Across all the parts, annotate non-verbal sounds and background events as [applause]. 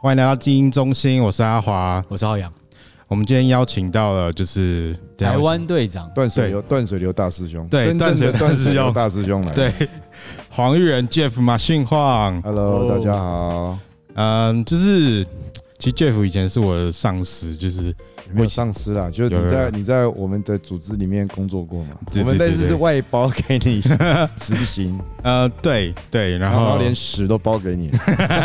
歡迎來到精英中心，我是阿華，我是歐陽。我們今天邀請到了，就是台灣隊長斷水流，斷水流大師兄，對，真正的斷水流大師兄來。對，黃玉仁 Jeff 馬信晃，Hello 大家好。嗯、呃，就是其實 Jeff 以前是我的上司，就是。有，沒有喪失啦，就你在有了有了，你在我們的組織裡面工作過嗎？對對對對，我們那次是外包給你執行， [laughs] 呃，對對，然後，然後我連屎都包給你，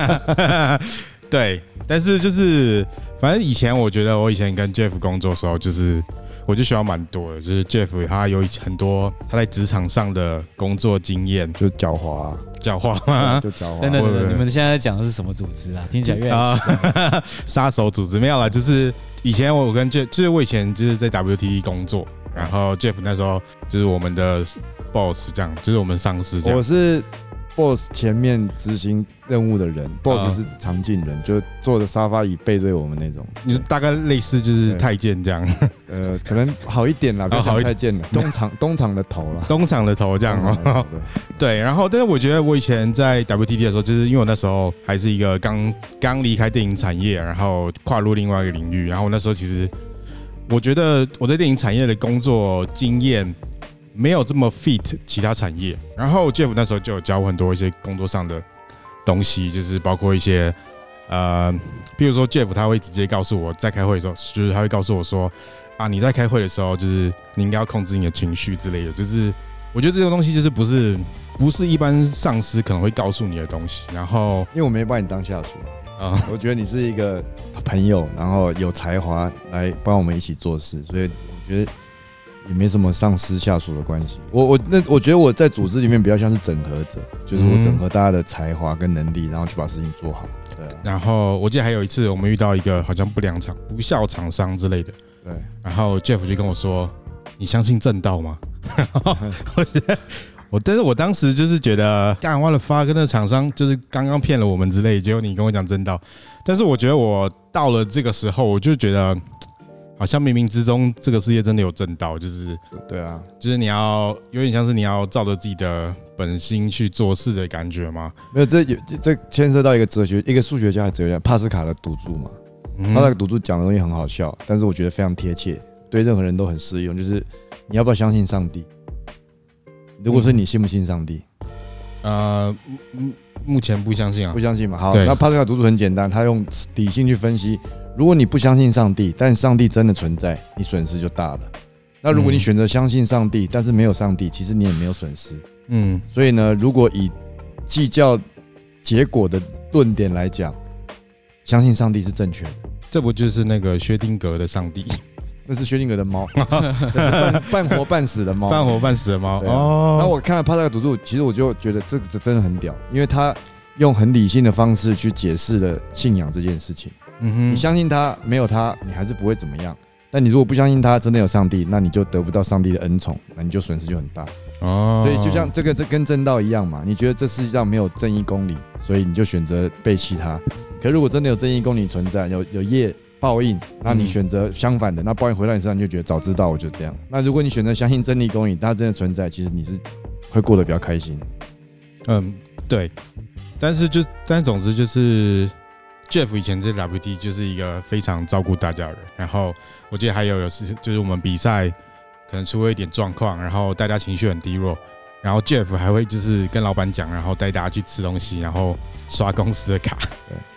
[laughs] [laughs] 對，但是就是反正以前我覺得我以前跟 Jeff 工作的時候就是。我就喜歡蠻多的，就是 Jeff，他有很多他在職場上的工作經驗，就狡猾、啊，狡猾嗎、啊？ [laughs] 就狡猾、啊。等等等，等是是，你們現在在講的是什麼組織啊？聽起來越像殺 [laughs] 手組織。沒有啦，就是以前我跟 Jeff，就是我以前就是在 W T E 工作，然後 Jeff 那時候就是我們的 boss，這樣，就是我們上司這樣。我是。Boss 前面執行任務的人，Boss 是常進人，嗯、就坐着沙發椅背對我們那種，就是大概類似就是太監這樣。呃，可能好一點啦不了，比太監了。東廠東廠的頭了，東廠的頭這樣哦、喔。對，對，然後但是我覺得我以前在 WTT 的時候，就是因為我那時候還是一個剛剛離開電影產業，然後跨入另外一個領域，然後我那時候其實我覺得我在電影產業的工作經驗。沒有這麼 fit 其他產業，然後 Jeff 那時候就有教我很多一些工作上的東西，就是包括一些呃，比如說 Jeff 他會直接告訴我，在開會的時候，就是他會告訴我說啊，你在開會的時候，就是你應該要控制你的情緒之類的，就是我覺得這個東西就是不是不是一般上司可能會告訴你的東西。然後因為我沒把你當下屬啊，我覺得你是一個朋友，然後有才華來幫我們一起做事，所以我覺得。也沒什麼上司下屬的關係，我我那我覺得我在組織裡面比較像是整合者，就是我整合大家的才華跟能力，然後去把事情做好。對啊。然後我記得還有一次，我們遇到一個好像不良廠、不肖廠商之類的。對。然後 Jeff 就跟我說：“你相信正道嗎？” [laughs] 然後我覺得我，但是我當時就是覺得幹 what the fuck 跟那廠商就是剛剛騙了我們之類的，結果你跟我講正道，但是我覺得我到了這個時候，我就覺得。好像冥冥之中，這個世界真的有正道，就是對啊，就是你要有點像是你要照着自己的本心去做事的感覺嗎？沒有，這有這牽涉到一個哲學，一個數學家哲學家，帕斯卡的賭注嘛。他那個賭注講的東西很好笑，但是我覺得非常貼切，對任何人都很適用。就是你要不要相信上帝？如果是你信不信上帝？啊、嗯，目、呃、目前不相信啊，不相信嘛。好，對，那帕斯卡賭注很簡單，他用理性去分析。如果你不相信上帝，但上帝真的存在，你損失就大了。那如果你選擇相信上帝、嗯，但是沒有上帝，其實你也沒有損失。嗯，所以呢，如果以計較結果的論點來講，相信上帝是正確的。這不就是那個薛定諤的上帝？ [laughs] 那是薛定諤的貓 [laughs] 半活半死的貓。 [laughs] 半活半死的貓、啊。哦。那我看了帕斯卡賭注，其實我就覺得這個真的很屌，因為他用很理性的方式去解釋了信仰這件事情。嗯哼，你相信他，沒有他，你還是不會怎麼樣。但你如果不相信他，真的有上帝，那你就得不到上帝的恩寵，那你就損失就很大。哦，所以就像這個，這跟正道一樣嘛。你覺得這世界上沒有正義公理，所以你就選擇背棄他。可如果真的有正義公理存在，有有業報應，那你選擇相反的，嗯、那報應回到你身上，你就覺得早知道我就這樣。那如果你選擇相信正義公理，它真的存在，其實你是會過得比較開心。嗯，對。但是就但總之就是。Jeff 以前在 LPT 就是一個非常照顧大家的人，然後我記得還有有時就是我們比賽可能出了一點狀況，然後大家情緒很低落，然後 Jeff 還會就是跟老板講，然後帶大家去吃東西，然後刷公司的卡，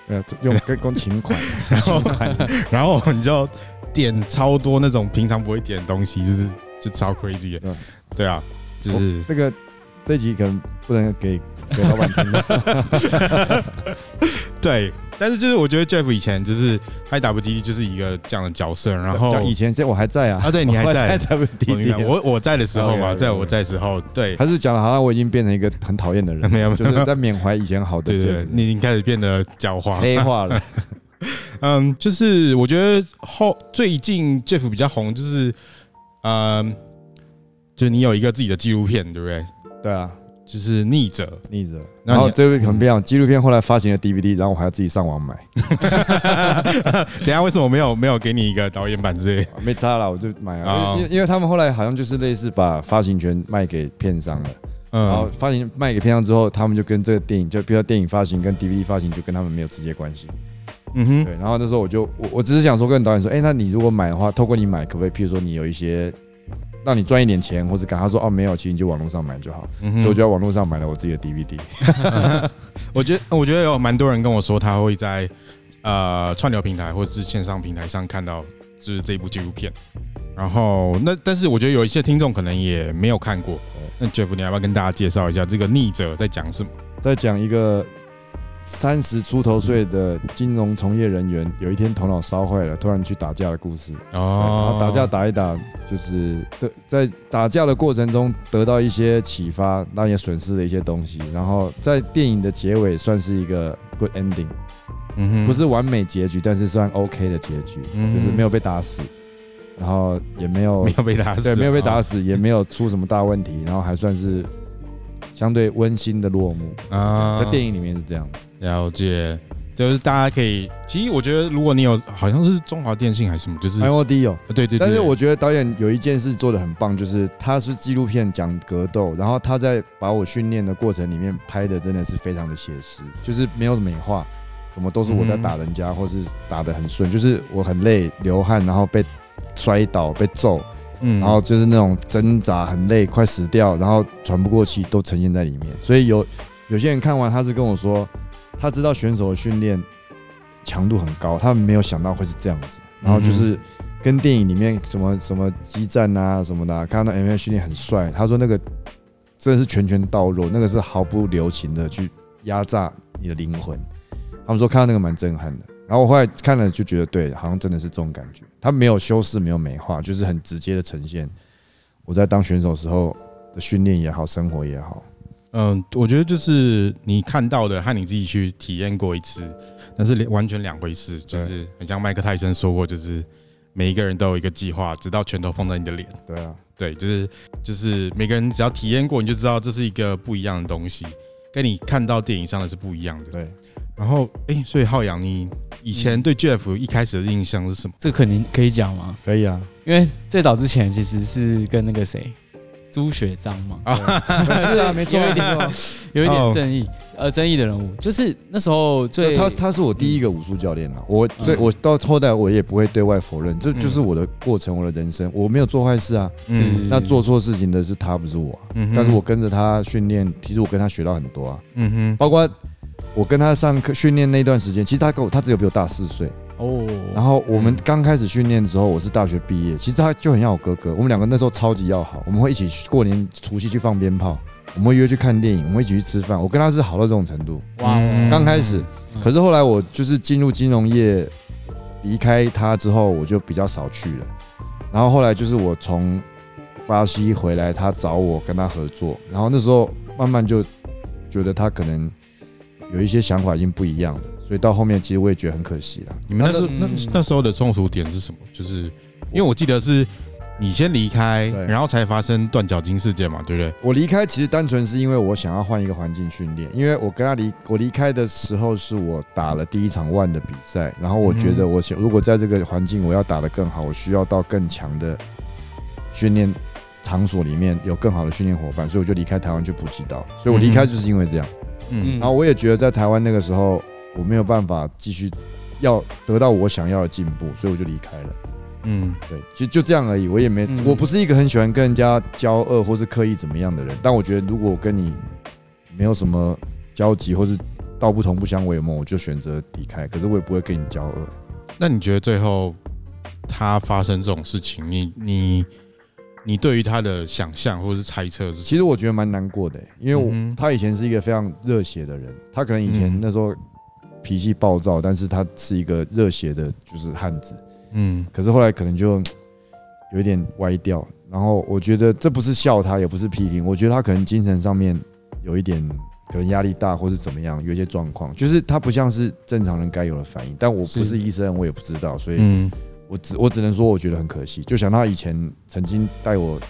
對，用跟工勤款， [laughs] 款然後 [laughs] 然後你就點超多那種平常不會點的東西，就是就超 crazy 的，對啊，就是、哦那個、這個這集可能不能給給老板聽， [laughs] [laughs] 對。但是就是我覺得 Jeff 以前就是 IWD 就是一個這樣的角色，然後以前我還在啊，啊對，你還在我還在 WDD 我，我，我在的時候嘛，okay, okay, okay. 在我在的時候，對，他是講了好像我已經變成一個很討厭的人，沒有，就是在緬懷以前好的、就是、對對對，你已經開始變得狡猾黑化了， [laughs] 嗯，就是我覺得後最近 Jeff 比較紅，就是嗯，就是你有一個自己的紀錄片，對不對？對啊。就是逆者，逆者。然後，然後這個很不一樣，紀、嗯、錄片後來發行了 DVD，然後我還要自己上網買 [laughs] 等下為什麼沒有沒有給你一個導演版之類的？沒差啦，我就買了。因、哦、因為，因為他們後來好像就是類似把發行權賣給片商了。嗯。然後發行賣給片商之後，他們就跟這個電影就比如說電影發行跟 DVD 發行就跟他們沒有直接關係。嗯哼。對，然後那時候我就我我只是想說跟導演說，哎、欸，那你如果買的話，透過你買可不可以？譬如說你有一些。讓你賺一點錢，或者跟他說，哦，沒有，錢你就網絡上買就好。嗯、所以我就在網絡上買了我自己的 DVD。 [laughs] 嗯、我覺得，我覺得有蠻多人跟我說他會在呃串流平台或者是線上平台上看到就是這部紀錄片。然後那但是我覺得有一些聽眾可能也沒有看過。那 Jeff，你要不要跟大家介紹一下這個逆者在講什麼？在講一個。三十出頭歲的金融從業人員，有一天頭腦燒壞了，突然去打架的故事。哦、oh.，打架打一打，就是在打架的過程中得到一些啟發，但也損失了一些東西。然後在電影的結尾算是一個 good ending，、mm -hmm. 不是完美結局，但是算 OK 的結局，mm -hmm. 就是沒有被打死，然後也沒有沒有被打死，對，沒有被打死，哦，也沒有出什麼大問題，然後還算是。相對溫馨的落幕啊、哦，在電影裡面是這樣，了解。就是大家可以，其實我覺得，如果你有，好像是中華電信還是什麼，就是 NOD 有，啊、對對、對。但是我覺得導演有一件事做的很棒，就是他是紀錄片講格鬥，然後他在把我訓練的過程裡面拍的真的是非常的寫實，就是沒有什麼美化，什麼都是我在打人家，嗯、或是打得很順，就是我很累，流汗，然後被摔倒，被揍。嗯，然後就是那種掙扎很累，快死掉，然後喘不過氣，都呈現在裡面。所以有有些人看完，他是跟我說，他知道選手的訓練強度很高，他們沒有想到會是這樣子。然後就是跟電影裡面什麼什麼激戰啊什麼的，看到 MMA 訓練很帥，他說那個真的是拳拳到肉，那個是毫不留情的去壓榨你的靈魂。他們說看到那個蠻震撼的，然後我後來看了就覺得對，好像真的是這種感覺。他沒有修飾，沒有美化，就是很直接的呈現我在當選手時候的訓練也好，生活也好。嗯，我覺得就是你看到的和你自己去體驗過一次，那是完全兩回事。就是很像麥克泰森說過，就是每一個人都有一個計劃，直到拳頭碰到你的臉。對啊，對，就是就是每個人只要體驗過，你就知道這是一個不一樣的東西，跟你看到電影上的是不一樣的。對。然後，哎，所以浩洋，你以前對 Jeff 一開始的印象是什麼，嗯？這肯定可以講嗎？可以啊，因為最早之前其實是跟那個誰，朱雪璋嘛，哦、 [laughs] 是啊，沒錯 [laughs] 有一點，有一點爭議，哦、呃，爭議的人物，就是那時候最他他，他是我第一個武術教練啊，嗯、我對我到後代我也不會對外否認，這、嗯、就，就是我的過程，我的人生，我沒有做壞事啊，嗯、是是那做錯事情的是他不是我，啊，嗯、但是我跟着他訓練，其實我跟他學到很多啊，嗯、哼包括。我跟他上課訓練那段時間，其實他跟我他只有比我大四歲哦。Oh. 然後我們剛開始訓練的時候，我是大學畢業，其實他就很像我哥哥。我們兩個那時候超級要好，我們會一起去過年除夕去放鞭炮，我們會約去看電影，我們會一起去吃飯。我跟他是好到這種程度。哇、wow. 嗯！剛開始，可是後來我就是進入金融業，離、嗯、開他之後，我就比較少去了。然後後來就是我從巴西回來，他找我跟他合作，然後那時候慢慢就覺得他可能。有一些想法已經不一樣了，所以到後面其實我也覺得很可惜了。你們那時那、嗯、那時候的衝突點是什麼？就是因為我記得是你先離開，對，然後才發生斷腳筋事件嘛，對不對？我離開其實單純是因為我想要換一個環境訓練，因為我跟他離我離開的時候是我打了第一場 ONE 的比賽，然後我覺得我想如果在這個環境我要打得更好，我需要到更強的訓練場所裡面有更好的訓練夥伴，所以我就離開台灣去普吉島，所以我離開就是因為這樣。嗯，然後我也覺得在台灣那個時候，我沒有辦法繼續要得到我想要的進步，所以我就離開了。嗯，對，其實就這樣而已。我也沒、嗯，我不是一個很喜歡跟人家交惡或是刻意怎麼樣的人。但我覺得如果我跟你沒有什麼交集或是道不同不相為謀，我就選擇離開。可是我也不會跟你交惡。那你覺得最後他發生這種事情，你你？你對於他的想象或是猜測是什麼？其實我覺得蠻難過的、欸，因為我他以前是一個非常熱血的人，他可能以前那時候脾氣暴躁，但是他是一個熱血的，就是漢子。嗯。可是後來可能就有一點歪掉，然後我覺得這不是笑他，也不是批評，我覺得他可能精神上面有一點可能壓力大或是怎麼樣，有一些狀況，就是他不像是正常人該有的反應。但我不是醫生，我也不知道，所以。嗯。我只我只能說，我覺得很可惜。就想到以前曾經帶我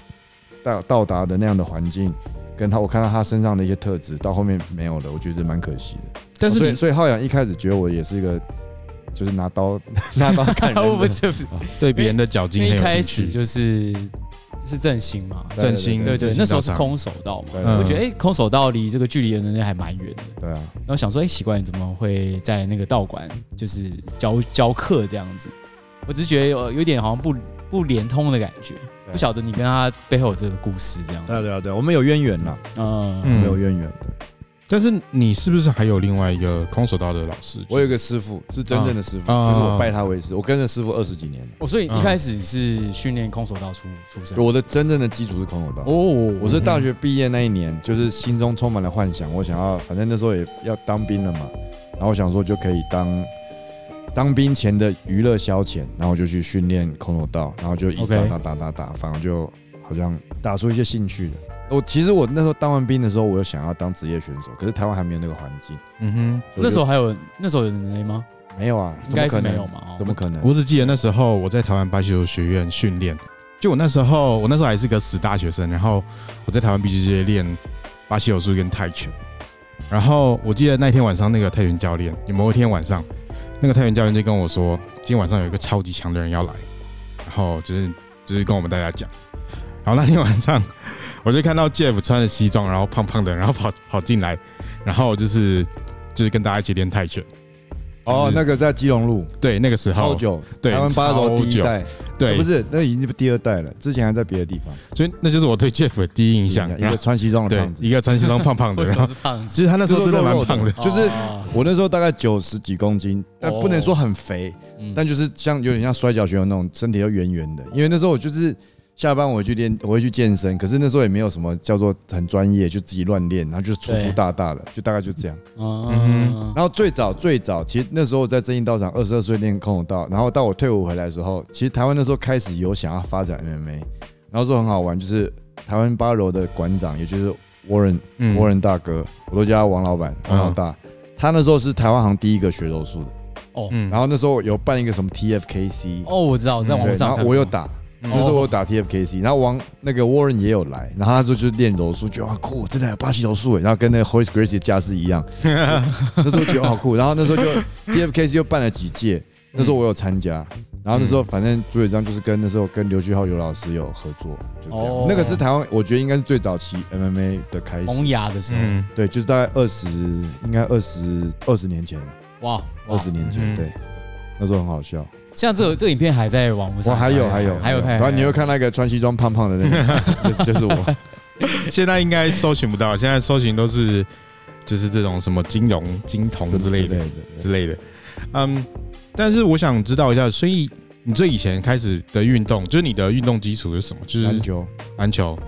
到到達的那樣的環境，跟他我看到他身上的一些特質，到後面沒有了，我覺得蠻可惜的。但是、啊、所、以所以浩洋一開始覺得我也是一個，就是拿刀呵呵拿刀砍人的、啊，不是不是對別人的腳筋。因為一開始就是是正心嘛，正心對對、對、對、對、對對，那時候是空手道嘛，對對對我覺得哎、欸，空手道離這個距離的能力還蠻遠的。對啊，然後想說哎，奇、欸、怪，你怎麼會在那個道館就是教教課這樣子？我只是覺得有有點好像不不連通的感覺、啊，不曉得你跟他背後有這個故事這樣子。對對啊，對啊，對啊，我們有淵源了。嗯，我沒有淵源。但是你是不是還有另外一個空手道的老師？就是、我有一個師傅是真正的師傅、啊啊，就是我拜他為師，我跟着師傅二十幾年、哦。所以一開始是訓練空手道出出身、嗯。我的真正的基礎是空手道。哦，我是大學畢業那一年、嗯，就是心中充滿了幻想，我想要，反正那時候也要當兵了嘛，然後我想說就可以當。當兵前的娛樂消遣，然後就去訓練空手道，然後就一直打打打打打，反正就好像打出一些興趣的。我其實我那時候當完兵的時候，我有想要當職業選手，可是台灣還沒有那個環境。嗯哼，那時候還有那時候有人類嗎？沒有啊，應該是，是沒有嘛、哦，怎麼可能？我只記得那時候我在台灣巴西柔術學院訓練，就我那時候我那時候還是個死大學生，然後我在台灣必須直接練巴西柔術跟泰拳，然後我記得那天晚上那個泰拳教練，有某一天晚上。那個泰拳教練就跟我說，今天晚上有一個超級強的人要來，然後就是就是跟我們大家講。然後那天晚上，我就看到 Jeff 穿着西裝，然後胖胖的，然後跑跑進來，然後就是就是跟大家一起練泰拳。哦、oh，那個在基隆路，對，那個時候超久，他們八樓第一代，對，啊、不是，那已經是第二代了，之前還在別的地方，所以那就是我對 Jeff 的第一印象，一，印象一個穿西裝的胖子，對，一個穿西裝胖胖的胖，其實他那時候真的蠻胖的，就，的胖的 oh. 就是我那時候大概九十幾公斤，但不能說很肥，oh. 但就是像有點像摔跤選手那種身體又圓圓的，因為那時候我就是。下班我去練，我會去健身，可是那時候也沒有什麼叫做很專業，就自己亂練，然後就粗粗大大的，就大概就這樣。嗯哼。然後最早最早，其實那時候我在正義道場，二十二歲練空手道，然後到我退伍回來的時候，其實台灣那時候開始有想要發展 MMA，然後說很好玩，就是台灣八樓的館長，也就是 Warren Warren 大哥，我都叫他王老板王老大，uh -huh. 他那時候是台灣行第一個學柔術的。哦、uh -huh.。然後那時候有辦一個什麼 TFKC、oh.。哦、oh,，我知道我在網上。我有打。嗯、那時候我打 TFKC，然後王那個 Warren 也有來，然後那時候就練柔術，覺得好酷，真的有巴西柔術欸，然後跟那個 Royce Gracie 的架勢一樣 [laughs] 那時候覺得好酷，然後那時候就 TFKC 又辦了幾屆、嗯，那時候我有參加，然後那時候反正朱雪璋就是跟那時候跟劉旭浩劉老師有合作，就這樣、哦、那個是台灣，我覺得應該是最早期 MMA 的開始萌芽的時候、嗯，對，就是大概二十應該二十二十年前，哇，二十年前，對、嗯，那時候很好笑。像這個、這個、影片還在網上、啊，我還有還有還有看，然後你又看那個穿西裝胖胖的那個， [laughs] [laughs] 就是、就是我。現在應該搜尋不到，現在搜尋都是就是這種什麼金融、金童之類的之類的。嗯，但是我想知道一下，所以你最以前開始的運動，就是你的運動基礎是什麼？就是籃球。籃球，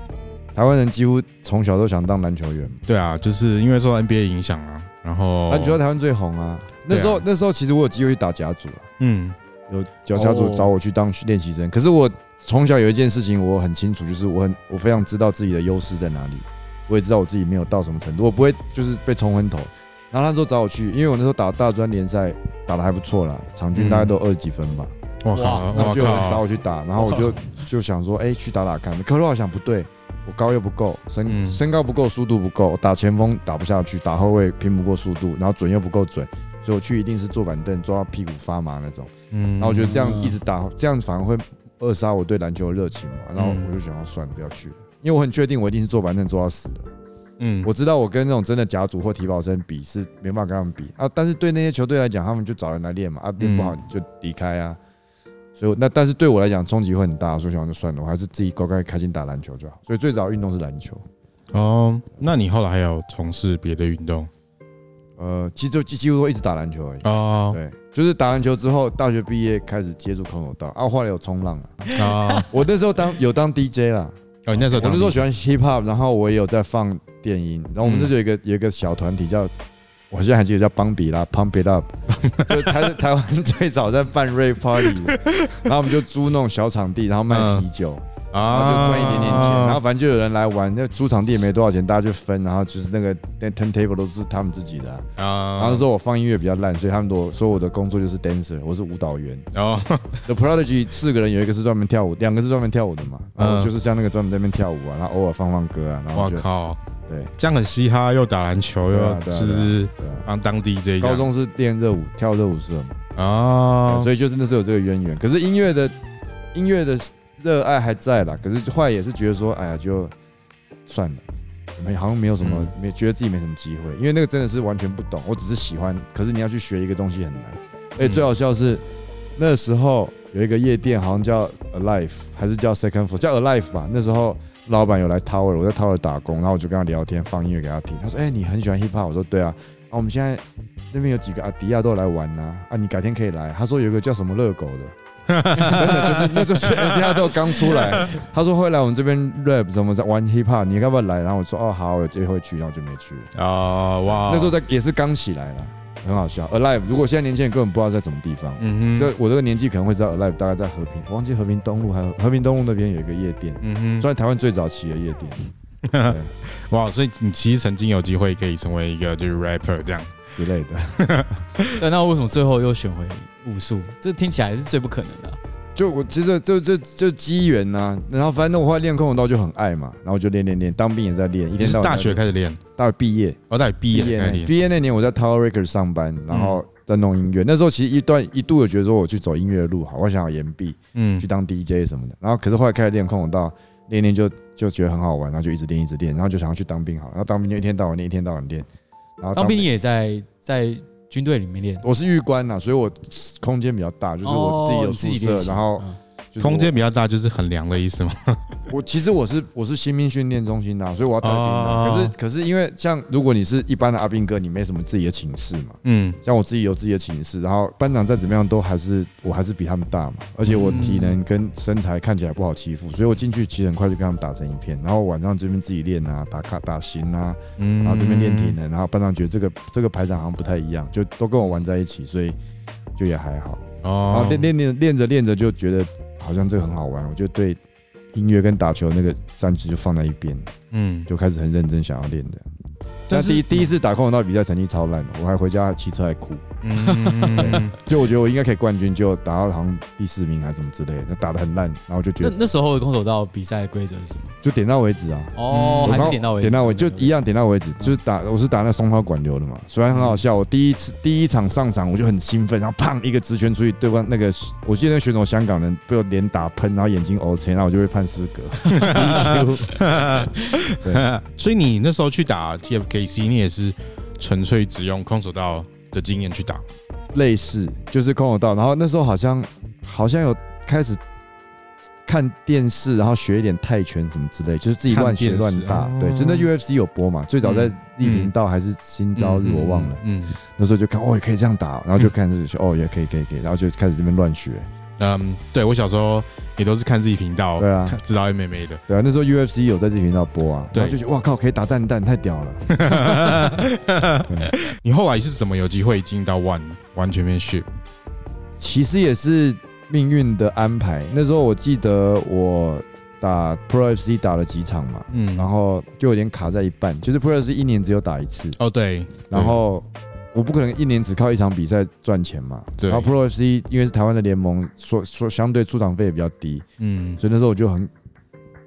台灣人幾乎從小都想當籃球員。對啊，就是因為受到 NBA 影響啊。然後籃球在台灣最紅啊。那時候那時候其實我有機會去打甲組了。嗯。有腳下組找我去當練習生，可是我從小有一件事情我很清楚，就是我很我非常知道自己的優勢在哪裡，我也知道我自己沒有到什麼程度，我不會就是被沖昏頭。然後他說找我去，因為我那時候打大專聯賽打得還不錯啦，場均大概都二十幾分吧。哇，好，靠！然後有人找我去打，然後我就就想說，哎，去打打看。可是我想不對，我高又不夠，身身高不夠，速度不夠，打前鋒打不下去，打後衛拼不過速度，然後準又不夠準。我去一定是坐板凳坐到屁股發麻那種，嗯，然後我覺得這樣一直打這樣反而會扼殺我對籃球的熱情嘛，然後我就想要算了，不要去了，因為我很確定我一定是坐板凳坐到死的，嗯，我知道我跟那種真的甲組或體保生比是沒辦法跟他們比啊，但是對那些球隊來講，他們就找人來練嘛，嗯、啊，練不好你就離開啊，所以那但是對我來講衝擊會很大，所以想就算了，我還是自己乖乖開心打籃球就好。所以最早運動是籃球，哦，那你後來還有從事別的運動？呃，其實就幾乎都一直打籃球而已。哦、oh，對，oh、就是打籃球之後，大學畢業開始接觸空手道。啊，後來有衝浪了。啊、oh，我那時候當有當 DJ 啦。哦、oh, 喔，你那時候。我們說我喜歡 hip hop，然後我也有在放電音。然後我們這就有一個、嗯、有一個小團體叫，我現在還記得叫邦比啦，pump it up， [laughs] 就台台灣最早在辦 rave party， [laughs] 然後我們就租那種小場地，然後賣啤酒。嗯啊，就賺一點點錢，啊，然後反正就有人來玩，那租場地也沒多少錢，大家就分。然後就是那個 turn table 都是他們自己的啊。啊。然後說我放音樂比較爛，所以他們都說我的工作就是 dancer，我是舞蹈員。哦。 [laughs] The Prodigy 四個人有一個是專門跳舞，兩個是專門跳舞的嘛，嗯。然後就是像那個專門在那邊跳舞啊，然後偶爾放放歌啊。哇靠。對，這樣很嘻哈，又打籃球，又就是當當 DJ。高中是練熱舞，跳熱舞社嘛。啊。所以就是那時候有這個淵源，可是音樂的音樂的。熱愛還在啦，可是後來也是覺得說，哎呀，就算了，沒好像沒有什麼，沒、嗯、覺得自己沒什麼機會，因為那個真的是完全不懂，我只是喜歡。可是你要去學一個東西很難。欸嗯、最好笑是那時候有一個夜店，好像叫 Alive 還是叫 Second Floor 叫 Alive 吧。那時候老板有來 Tower，我在 Tower 打工，然後我就跟他聊天，放音樂給他聽。他說：“哎、欸，你很喜歡 hip hop？” 我說：“對啊。”啊，我們現在那邊有幾個阿迪亞都有來玩吶、啊，啊，你改天可以來。他說有一個叫什麼熱狗的。 [laughs] [laughs] 真的就是，那時候全家都剛出來。 [laughs] 他說會來我們這邊 rap，什麼在玩 hip hop？你要不要來？然後我說哦好，有機會去，然後就沒去了。哦哇！那時候在也是剛起來了，很好笑。Alive，如果現在年輕人根本不知道在什麼地方。嗯哼。這我這個年紀可能會知道 Alive 大概在和平，我忘記和平東路還有和平東路那邊有一個夜店，嗯哼，算台灣最早期的夜店。 [laughs] 哇！所以你其實曾經有機會可以成為一個就是 rapper 這樣。之類的， [laughs] 那那為什麼最後又選回武術？這聽起來是最不可能的、啊。就我其實就就就機緣呢。然後反正我後來練空手道就很愛嘛，然後就練練練。當兵也在練，一天到晚大學開始練，大學畢業哦，大學畢業畢業,業那年我在 Tower Records 上班，然後在弄音樂、嗯。那時候其實一段一度有覺得說我去走音樂的路好，我想要延畢，嗯，去當 DJ 什麼的。然後可是後來開始練空手道，練練就就覺得很好玩，然後就一直練一直練，然後就想要去當兵好。然後當兵就一天到晚練，一天到晚練。然後當兵也在。在軍隊裡面練，我是預官吶，所以我空間比較大，就是我自己有自己的，然後哦哦哦哦哦哦空間比較大，就是很涼的意思嘛。我其實我是我是新兵訓練中心的，啊，所以我要帶兵。可是可是因為像如果你是一般的阿兵哥，你沒什麼自己的寢室嘛。嗯。像我自己有自己的寢室，然後班長再怎麼樣都還是我還是比他們大嘛，而且我體能跟身材看起來不好欺負，所以我進去其實很快就跟他們打成一片。然後晚上這邊自己練啊，打卡打型啊，嗯。然後這邊練體能，然後班長覺得這個這個排長好像不太一樣，就都跟我玩在一起，所以就也還好。哦。然後練練練練着練着就覺得好像這個很好玩，我就對。音樂跟打球那個三績就放在一邊，嗯，就開始很認真想要練的，但是但第一，第一次打空手道比賽成績超爛的，我還回家騎車還哭。嗯， [laughs] 就我覺得我應該可以冠軍，就打到好像第四名還是什麼之類的，那打得很爛，然後我就覺得。那那時候空手道比賽規則是什麼？就點到為止啊。哦，還是點到為止。點到為止就一樣點到為止，嗯、就是打、嗯、我是打那個松濤館流的嘛，雖然很好笑。我第一次第一場上場我就很興奮，然後砰一個直拳出去，對方那個我記得那個選手香港人被我連打噴，然後眼睛 O 垂，然後我就會判失格。 [laughs] DQ, 對 [laughs] 所以你那時候去打 TFKC，你也是純粹只用空手道？的經驗去打，類似就是空手道，然後那時候好像好像有開始看電視，然後學一點泰拳什麼之類，就是自己亂學亂打，哦、對，就那 UFC 有播嘛，最早在麗頻道還是新朝日我忘了，嗯，那時候就看哦也可以這樣打，然後就開始、嗯、哦也可以可以可以，然後就開始這邊亂學。嗯、um，對我小時候也都是看自己頻道，對啊，知道 MMA 的，對啊，那時候 UFC 有在自己頻道播啊，對，就覺得哇靠，可以打蛋蛋，太屌了。 [laughs] [laughs] [laughs] 你後來是怎麼有機會進到 One Championship？其實也是命運的安排。那時候我記得我打 Pro FC 打了幾場嘛，嗯，然後就有點卡在一半，就是 Pro FC 一年只有打一次，哦對，然後。我不可能一年只靠一場比賽賺錢嘛。對。然後 Pro FC 因為是台灣的聯盟，說說相對出場費也比較低，嗯，所以那時候我就很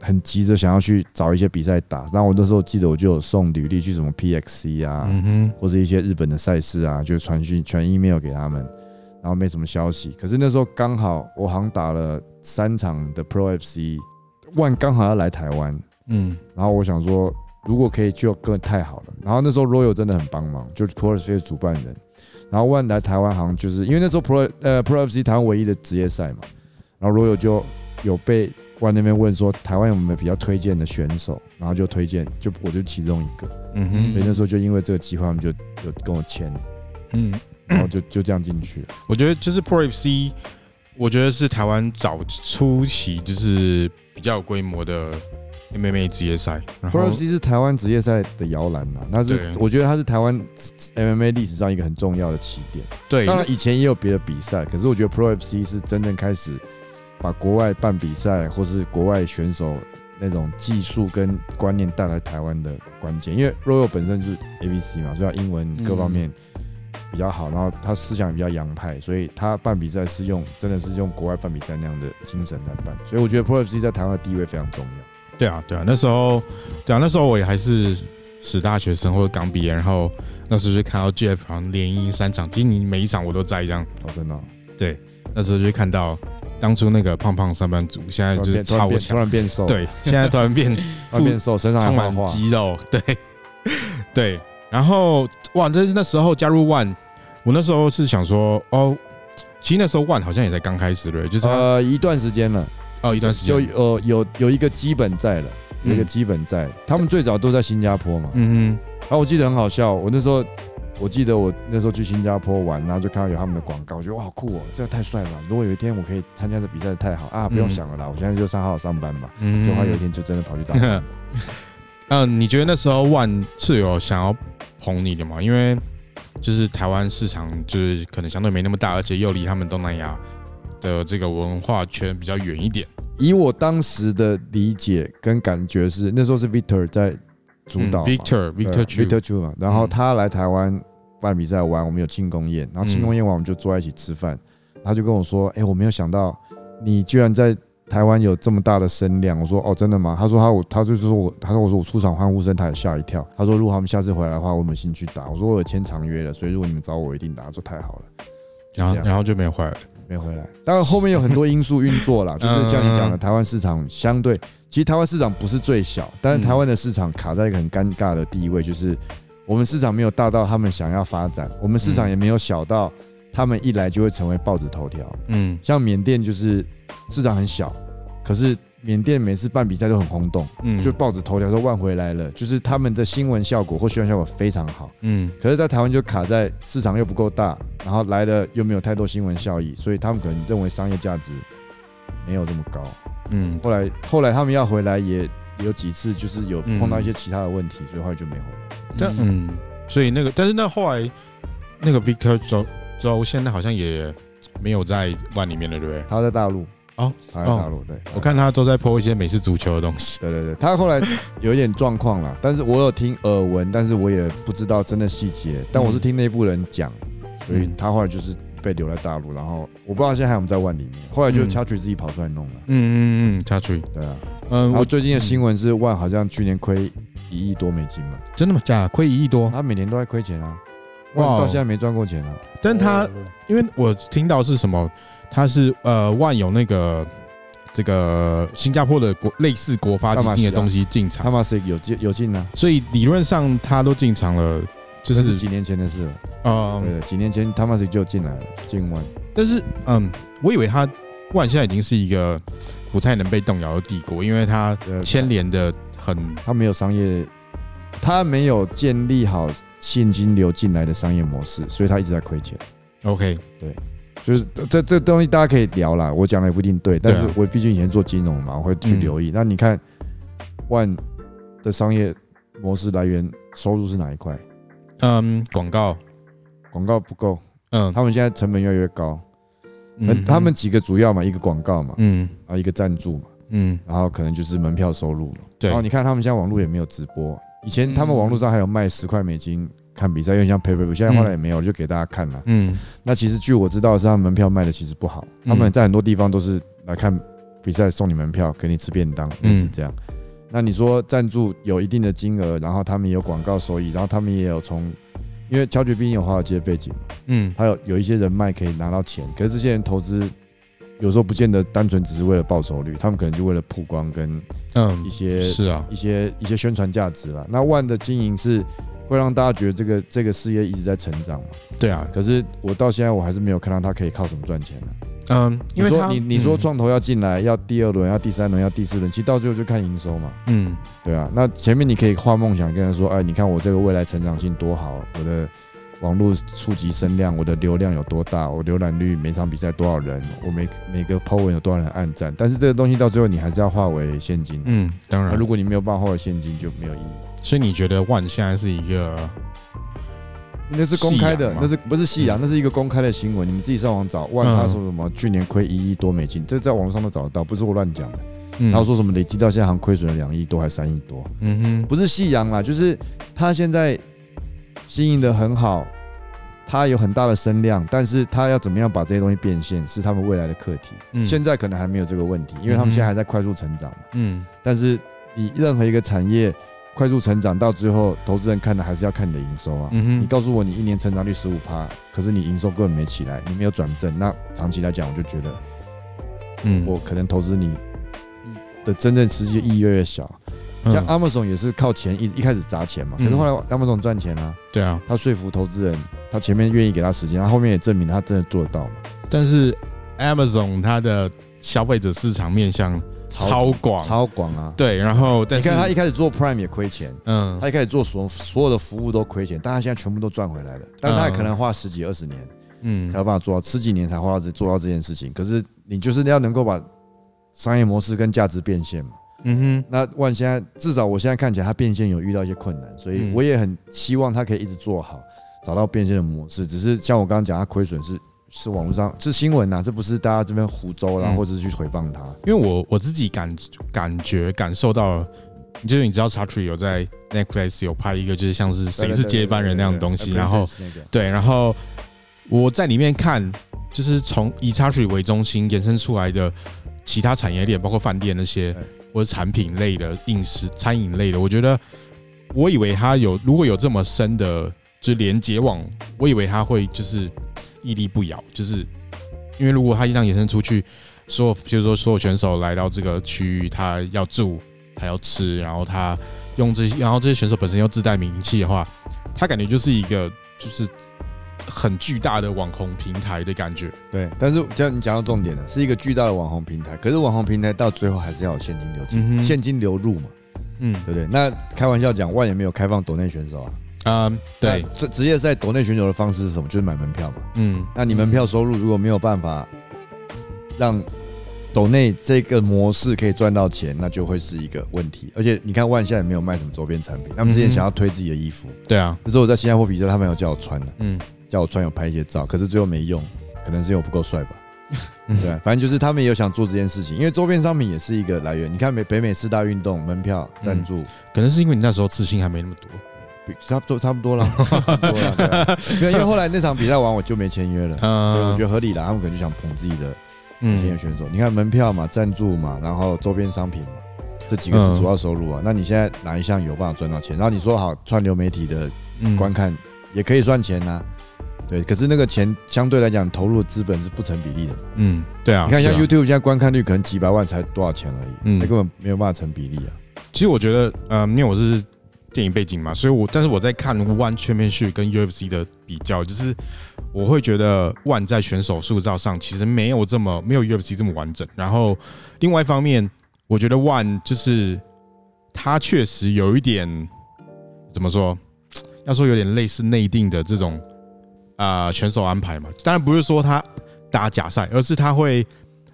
很急着想要去找一些比賽打。然後我那時候記得我就有送履歷去什麼 PXC 啊，嗯哼，或者一些日本的賽事啊，就傳訊傳 email 給他們，然後沒什麼消息。可是那時候剛好我好像打了三場的 Pro FC，ONE 剛好要來台灣，嗯，然後我想說如果可以就更太好了。然後那時候 Royal 真的很幫忙，就是 Pro FC 的主辦人。然後 ONE 來台灣好像就是因為那時候 Pro 呃 Pro FC 台灣唯一的職業賽嘛，然後 Royal 就有被 ONE 那邊問說，台灣有沒有比較推薦的選手，然後就推薦就我就其中一個，嗯哼，所以那時候就因為這個機會，他們就就跟我簽，嗯，然後就就這樣進去了。我覺得就是 Pro FC，我覺得是台灣早初期就是比較有規模的。MMA 職業賽，然後 ProFC 是台灣職業賽的搖籃啊。那是我覺得它是台灣 MMA 歷史上一個很重要的起點。對，當然以前也有別的比賽，可是我覺得 ProFC 是真正開始把國外辦比賽或是國外選手那種技術跟觀念帶來台灣的關鍵。因為 Royal 本身就是 ABC 嘛，所以他英文各方面比較好，嗯、然後他思想也比較洋派，所以他辦比賽是用真的是用國外辦比賽那樣的精神來辦。所以我覺得 ProFC 在台灣的地位非常重要。對啊，對啊，那時候，對啊，那時候我也還是死大學生或者剛畢業，然後那時候就看到 Jeff 好像連贏三場，其實你每一場我都在這樣，好、哦、真的、哦。對，那時候就看到當初那個胖胖上班族，現在就是超強突，突然變瘦，對，現在突然變 [laughs] 突然變瘦，身上長滿，滿肌肉，對對。然後哇，真是那時候加入 One，我那時候是想說哦，其實那時候 One 好像也在剛開始對，就是呃一段時間了。哦，一段時間就、呃、有有有一個基本在了，有一個基本在。嗯、他們最早都在新加坡嘛。嗯、然後、啊、我記得很好笑，我那時候我記得我那時候去新加坡玩，然後就看到有他們的廣告，我覺得哇，好酷哦，這個太帥了。如果有一天我可以參加這個比賽，太好啊！不用想了啦，嗯、我現在就上好，好上班吧。嗯。就怕有一天就真的跑去打。 [laughs] 嗯，你覺得那時候 ONE 是有想要捧你的嗎？因為就是台灣市場就是可能相對沒那麼大，而且又離他們東南亞的這個文化圈比較遠一點。以我當時的理解跟感覺是，那時候是 Victor 在主導，Victor Victor Victor Chiu 嘛，嗯、Victor, Victor Chiu, Victor Chiu 然後他來台灣辦比賽完，我們有慶功宴，然後慶功宴完我們就坐在一起吃飯，他就跟我說：“哎、嗯欸，我沒有想到你居然在台灣有這麼大的聲量。”我說：“哦，真的嗎？”他說他：“他說我他就是說我他說我說我出場歡呼聲，他也嚇一跳。”他說：“如果他們下次回來的話，我們有興趣打。”我說：“我有簽長約了，所以如果你們找我一定打。”他說：“太好了。”然後然後就沒壞了。沒回來，但後面有很多因素運作啦，就是像你講的，台灣市場相對，其實台灣市場不是最小，但是台灣的市場卡在一個很尷尬的地位，就是我們市場沒有大到他們想要發展，我們市場也沒有小到他們一來就會成為報紙頭條。嗯，像緬甸就是市場很小，可是。緬甸每次辦比賽都很轟動，嗯，就報紙頭條說萬回來了，嗯，就是他們的新聞效果或宣傳效果非常好，嗯，可是，在台灣就卡在市場又不夠大，然後來的又沒有太多新聞效益，所以他們可能認為商業價值沒有這麼高，嗯，後來後來他們要回來也有幾次，就是有碰到一些其他的問題，嗯、所以後來就沒回來。但嗯、嗯，所以那個但是那後來那個 Victor 走周現在好像也沒有在萬裡面了，對不對？他在大陸。哦、oh,，他在大陸對，我看他都在剖一些美式足球的東西。對對對，他後來有一點狀況了， [laughs] 但是我有聽耳聞，但是我也不知道真的細節。但我是聽內部人講，所以他後來就是被留在大陸，然後我不知道現在還有沒有在萬裡面。後來就差距自己跑出來弄了。嗯嗯嗯，差、嗯、距，對啊。嗯，我最近的新聞是萬、嗯、好像去年虧一億多美金嘛？真的嗎？假的？虧一億多？他每年都在虧錢啊，到現在沒賺過錢啊。Wow, 但他、哦、因為我聽到是什麼。他是呃，萬有那個這個新加坡的國類似國發基金的東西進場，淡馬錫有進有進呢，所以理論上他都進場了，就是,是幾年前的事了哦，對，幾年前淡馬錫就進來了進萬，但是嗯，我以為他萬現在已經是一個不太能被動搖的帝國，因為他牽連的很，他沒有商業，他沒有建立好現金流進來的商業模式，所以他一直在虧錢。OK，對。就是這這東西大家可以聊啦，我講的也不一定對，但是我畢竟以前做金融嘛，我會去留意。嗯、那你看，ONE 的商業模式來源收入是哪一塊？嗯，廣告，廣告不夠。嗯，他們現在成本越來越高。嗯，他們幾個主要嘛，一個廣告嘛，嗯，啊，一個贊助嘛，嗯，然後可能就是門票收入嘛。對。然後你看他們現在網絡也沒有直播，以前他們網絡上還有賣十塊美金。看比賽，因為像 pay-per-view，現在後來也沒有，嗯、就給大家看嘛。嗯，那其實據我知道，是他們門票賣的其實不好。他們在很多地方都是來看比賽，送你門票，給你吃便當，是這樣。嗯、那你說贊助有一定的金額，然後他們也有廣告收益，然後他們也有從，因為喬爵士畢竟有華爾街背景嘛，嗯，還有有一些人脈可以拿到錢。可是這些人投資有時候不見得單純只是為了報酬率，他們可能就為了曝光跟嗯一些嗯是啊一些一些，一些宣傳價值了。那 ONE 的經營是。會讓大家覺得這個這個事業一直在成長嘛？對啊，可是我到現在我還是沒有看到他可以靠什麼賺錢呢、啊 um,？嗯，因為你說你你說創投要進來、嗯、要第二輪，要第三輪，要第四輪，其實到最後就看營收嘛。嗯，對啊，那前面你可以畫夢想跟他說，哎，你看我這個未來成長性多好，我的網絡觸及聲量，我的流量有多大，我瀏覽率每場比賽多少人，我每每個 PO 文有多少人按讚，但是這個東西到最後你還是要化為現金。嗯，當然，如果你沒有辦法化為現金，就沒有意義。所以你覺得萬現在是一個？那是公開的，那是不是夕陽？嗯、那是一個公開的新聞，嗯、你們自己上網找。萬他說什麼？嗯、去年虧一億多美金，這在網上都找得到，不是我亂講的。嗯、然後說什麼累積到現在，好像虧損了兩億多，還是三億多。嗯哼，不是夕陽啦，就是他現在經營的很好，他有很大的聲量，但是他要怎麼樣把這些東西變現，是他們未來的課題。嗯、現在可能還沒有這個問題，因為他們現在還在快速成長嘛，嗯，但是以任何一個產業。快速成長到最後，投資人看的還是要看你的營收啊。你告訴我你一年成長率十五趴，可是你營收根本沒起來，你沒有轉正，那長期來講我就覺得，嗯，嗯，我可能投資你的真正實際意義越越小。像 Amazon 也是靠錢，一一開始砸錢嘛，可是後來 Amazon 賺錢啊，對啊，他說服投資人，他前面願意給他時間，他後面也證明他真的做得到、嗯、但是 Amazon 他的消費者市場面向。超廣，超廣啊！對，然後但是你看他一開始做 Prime 也虧錢，嗯，他一開始做所有所有的服務都虧錢，但他現在全部都賺回來了。但他也可能花十幾二十年，嗯，才有辦法做到，嗯、十幾年才花到這做到這件事情。可是，你就是要能夠把商業模式跟價值變現嘛，嗯哼。那萬現在至少我現在看起來，他變現有遇到一些困難，所以我也很希望他可以一直做好，找到變現的模式。只是像我剛剛講，他虧損是。是網絡上是新聞吶、啊，這不是大家這邊胡謅、啊，然後或者是去誹謗他。因為我我自己感感覺感受到，就是你知道 Chucky 有在 Netflix 有拍一個，就是像是誰是接班人那樣的東西。然後、uh, 對，然後我在裡面看，就是從以 Chucky 為中心延伸出來的其他產業鏈，到 bloodline 包括飯店那些或者產品類的飲食餐飲類的。我覺得，我以為他有如果有這麼深的就連接網，我以為他會就是、嗯。屹立不搖，就是因為如果他一旦延伸出去，所有就是說所有選手來到這個區域，他要住，他要吃，然後他用這些，然後這些選手本身又自帶名氣的話，他感覺就是一個就是很巨大的網紅平台的感覺。對，但是就你講到重點了，是一個巨大的網紅平台，可是網紅平台到最後還是要有現金流進、嗯，現金流入嘛，嗯，對不對？那開玩笑講，萬也沒有開放抖內選手啊。嗯、um,，對，職職業賽鬥內選手的方式是什麼？就是買門票嘛。嗯，那你門票收入如果沒有辦法讓鬥內這個模式可以賺到錢，那就會是一個問題。而且你看萬現在也沒有賣什麼週邊產品，他們之前想要推自己的衣服，對、嗯、啊，那時候我在新加坡比賽，他們有叫我穿的，嗯，叫我穿有拍一些照，可是最後沒用，可能是因為我不夠帥吧。嗯、對吧，反正就是他們也有想做這件事情，因為週邊商品也是一個來源。你看美北美四大運動門票贊助、嗯，可能是因為你那時候自信還沒那麼多。差不多差不多了， [laughs] 因為後來那場比賽完我就沒簽約了、uh -huh.，我覺得合理的，他們可能就想捧自己的簽約選手、嗯。你看門票嘛，贊助嘛，然後周邊商品嘛，這幾個是主要收入啊。嗯、那你現在哪一項有辦法賺到錢？然後你說好串流媒體的觀看也可以賺錢啊、嗯，對，可是那個錢相對來講投入的資本是不成比例的嘛。嗯，對啊。你看像 YouTube 現在觀看率可能幾百萬才多少錢而已，嗯，你、欸、根本沒有辦法成比例啊。其實我覺得，嗯、呃，因為我是。電影背景嘛，所以我，我但是我在看 One 全面，是跟 UFC 的比較，就是我會覺得 One 在選手塑造上其實沒有這麼沒有 UFC 這麼完整。然後，另外一方面，我覺得 One 就是他確實有一點怎麼說，要說有點類似內定的這種啊、呃、選手安排嘛。當然不是說他打假賽，而是他會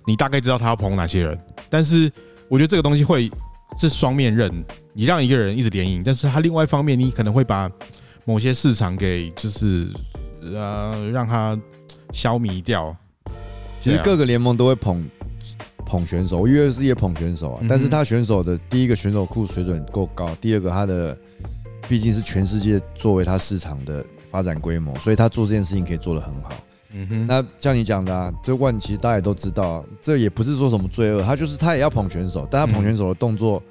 你大概知道他要捧哪些人。但是我覺得這個東西會。這是雙面刃，你讓一個人一直連贏，但是他另外一方面，你可能會把某些市場給就是呃讓他消弭掉、啊。其實各個聯盟都會捧捧選手，因為是也捧選手啊、嗯。但是他選手的第一個選手庫水準夠高，第二個他的畢竟是全世界作為他市場的發展規模，所以他做這件事情可以做得很好。嗯哼，那像你講的啊，這萬其實大家也都知道、啊，這也不是說什麼罪惡，他就是他也要捧選手，但他捧選手的動作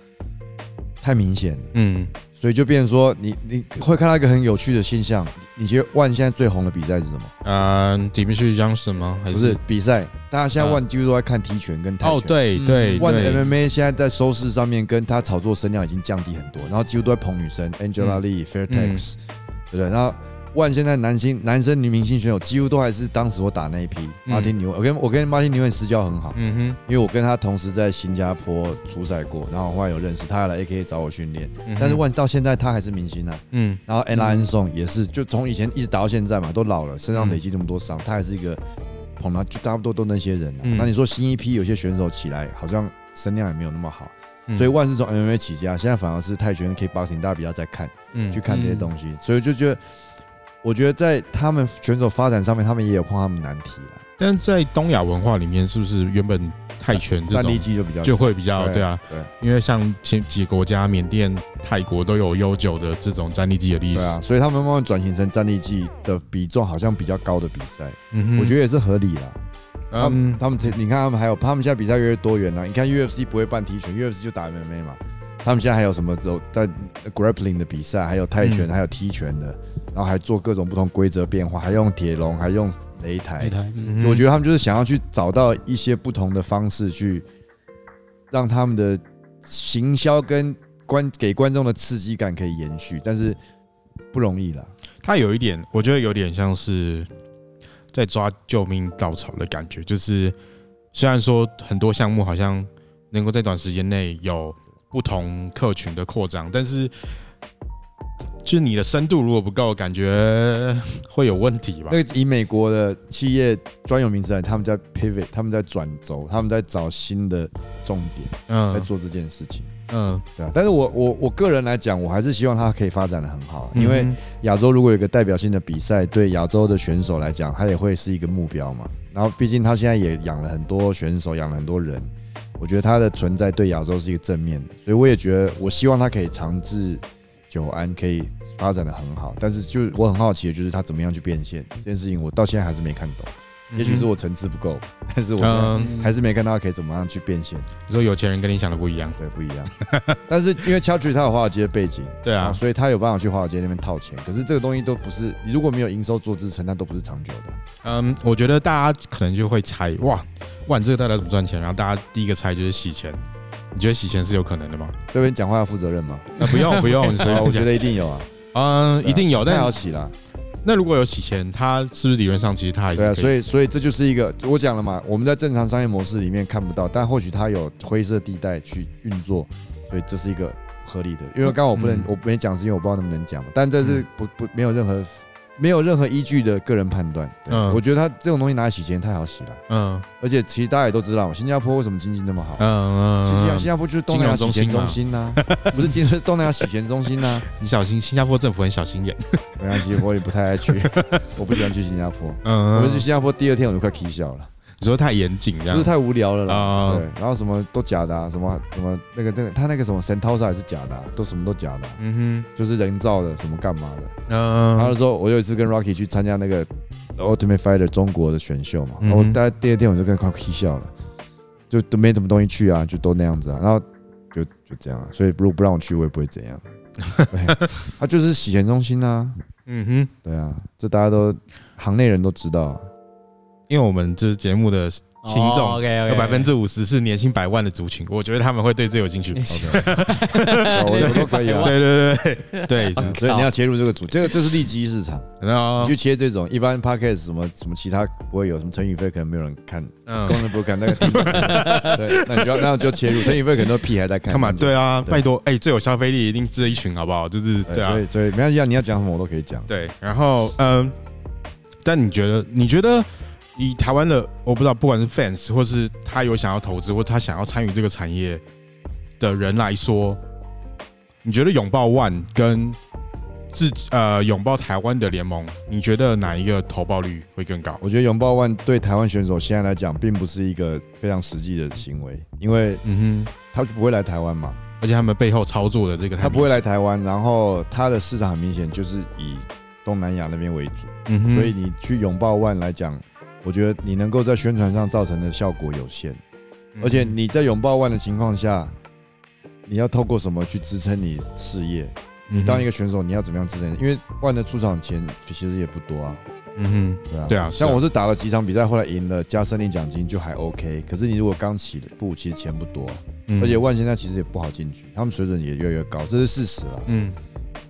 太明顯，嗯，所以就變成說你你會看到一個很有趣的現象。你覺得萬現在最紅的比賽是什麼？嗯、呃，底面是僵屍嗎？不是比賽，大家現在萬幾乎都在看踢拳跟泰拳。哦，對對，萬的 MMA 現在在收視上面跟他炒作聲量已經降低很多，然後幾乎都在捧女生 Angela Lee、嗯、Fairtex 對、嗯、不對？然後。ONE 現在男星、男生、女明星選手幾乎都還是當時我打那一批、嗯，Martin Nguyen 我跟我跟 Martin Nguyen 私交很好，嗯哼，因為我跟他同時在新加坡出賽過，然後我後來有認識，他還來 AKA 找我訓練、嗯，但是 ONE 到現在他還是明星啊，嗯，然後 Aung La N、嗯、Sang 也是，就從以前一直打到現在嘛，都老了，身上累積這麼多傷、嗯，他還是一個捧他，就差不多都那些人、啊嗯，那你說新一批有些選手起來，好像聲量也沒有那麼好，嗯、所以 ONE 是從 MMA 起家，現在反而是泰拳、K Boxing 大家比較在看，嗯，去看這些東西，所以就覺得。我覺得在他們選手發展上面，他們也有碰到他們難題啦，但在東亞文化裡面，是不是原本泰拳這種站立技就比較就會比較對，對啊？對，因為像前幾個國家，緬甸、泰國都有悠久的這種站立技的歷史、啊，所以他們慢慢轉型成站立技的比重好像比較高的比賽、嗯，我覺得也是合理了。他們、嗯、他們你看他們還有他們現在比賽越來越多元了、啊。你看 UFC 不會辦踢拳，UFC 就打 MMA 嘛。他們現在還有什麼走在 grappling 的比賽，還有泰拳，還有踢拳的，然後還做各種不同規則變化，還用鐵籠，還用擂臺。我覺得他們就是想要去找到一些不同的方式，去讓他們的行銷跟觀給觀眾的刺激感可以延續，但是不容易了。他有一點，我覺得有點像是在抓救命稻草的感覺，就是雖然說很多項目好像能夠在短時間內有。不同客群的擴張，但是就你的深度如果不夠，感覺會有問題吧？那個以美國的企業專有名詞來，他們在 pivot，他們在轉軸，他們在找新的重點、嗯，在做這件事情。嗯，對啊。但是我我我個人來講，我還是希望它可以發展得很好，嗯、因為亞洲如果有個代表性的比賽，對亞洲的選手來講，它也會是一個目標嘛。然後畢竟他現在也養了很多選手，養了很多人。我覺得它的存在對亞洲是一個正面的，所以我也覺得，我希望它可以長治久安，可以發展的很好。但是，就我很好奇的就是它怎麼樣去變現這件事情，我到現在還是沒看懂。也許是我層次不夠，但是我還是沒看到它可以怎麼樣去變現、嗯。嗯嗯、你說有錢人跟你想的不一樣，對，不一樣 [laughs] 。但是因為 Chatri 他有華爾街的背景、啊，對啊，所以他有辦法去華爾街那邊套錢。可是這個東西都不是，你如果沒有營收做支撐，那都不是長久的。嗯，我覺得大家可能就會猜，哇。不管這個帶來怎麼賺錢，然後大家第一個猜就是洗錢。你覺得洗錢是有可能的嗎？這邊講話要負責任嗎？那不用不用， [laughs] 你隨我覺得一定有啊， [laughs] 嗯啊，一定有。但要洗啦。那如果有洗錢，它是不是理論上其實它還是？對啊，所以所以這就是一個我講了嘛，我們在正常商業模式裡面看不到，但或許它有灰色地帶去運作，所以這是一個合理的。因為剛剛我不能，嗯、我沒講是因為我不知道能不能講，但這是不、嗯、不，不沒有任何。沒有任何依據的個人判斷、嗯，我覺得他這種東西拿來洗錢太好洗了。嗯，而且其實大家也都知道，新加坡為什麼經濟那麼好？嗯嗯，嗯，其實新加坡就是東南亞洗錢中心吶、啊，不是金融是東南亞洗錢中心吶、啊。 [laughs] 你小心，新加坡政府很小心眼。沒關係，我也不太愛去， [laughs] 我不喜歡去新加坡。嗯，嗯我們去新加坡第二天我就快起笑了。你說太嚴謹，這樣就是太無聊了啦、oh？對，然後什麼都假的、啊，什麼什麼那個那個他那個什麼 Sentosa 也是假的、啊，都什麼都假的、啊。嗯哼，就是人造的，什麼幹嘛的？嗯、uh -huh.。然後說，我有一次跟 Rocky 去參加那個 Ultimate Fighter 中國的選秀嘛，mm -hmm. 然後大家第二天我就跟 Rocky 笑了，就都沒什麼東西去啊，就都那樣子啊，然後就就這樣啊。所以如果不讓我去，我也不會怎樣 [laughs] 對。他就是洗錢中心啊。嗯哼，對啊，這大家都行內人都知道。因為我們這節目的聽眾，有百分之五十是年薪百萬的族群，oh, okay, okay, okay. 我覺得他們會對這有興趣。OK， [laughs] 我覺得可以。對對對對，對，對，所以你要切入這個組，這個這是利基市場，就切這種一般 Podcast 什麼什麼其他不會有什麼陳宇飛，可能沒有人看，嗯，工人不會看那個是。 [laughs] 對，那你就要，那就切入陳宇飛，菲可能都屁還在看。看嘛？對啊，對啊對，拜託，哎、欸，最有消費力一定是這一群，好不好？就是對，對啊，所以所以沒關係啊，你要講什麼我都可以講。對，然後嗯、呃，但你覺得你覺得？以台灣的我不知道，不管是 fans 或是他有想要投資或他想要參與這個產業的人來說，你覺得擁抱 One 跟自呃擁抱台灣的聯盟，你覺得哪一個投報率會更高？我覺得擁抱 One 對台灣選手現在來講，並不是一個非常實際的行為，因為嗯哼，他就不會來台灣嘛、嗯，而且他們背後操作的這個他不會來台灣，然後他的市場很明顯就是以東南亞那邊為主，嗯所以你去擁抱 One 來講。我覺得你能夠在宣傳上造成的效果有限，而且你在擁抱萬的情況下，你要透過什麼去支撐你事業？你當一個選手，你要怎麼樣支撐？因為萬的出場錢其實也不多啊。嗯哼，對啊。對啊。像我是打了幾場比賽，後來贏了加勝利獎金就還 OK。可是你如果剛起步，其實錢不多啊，而且萬現在其實也不好進局，他們水準也越來越高，這是事實了。嗯。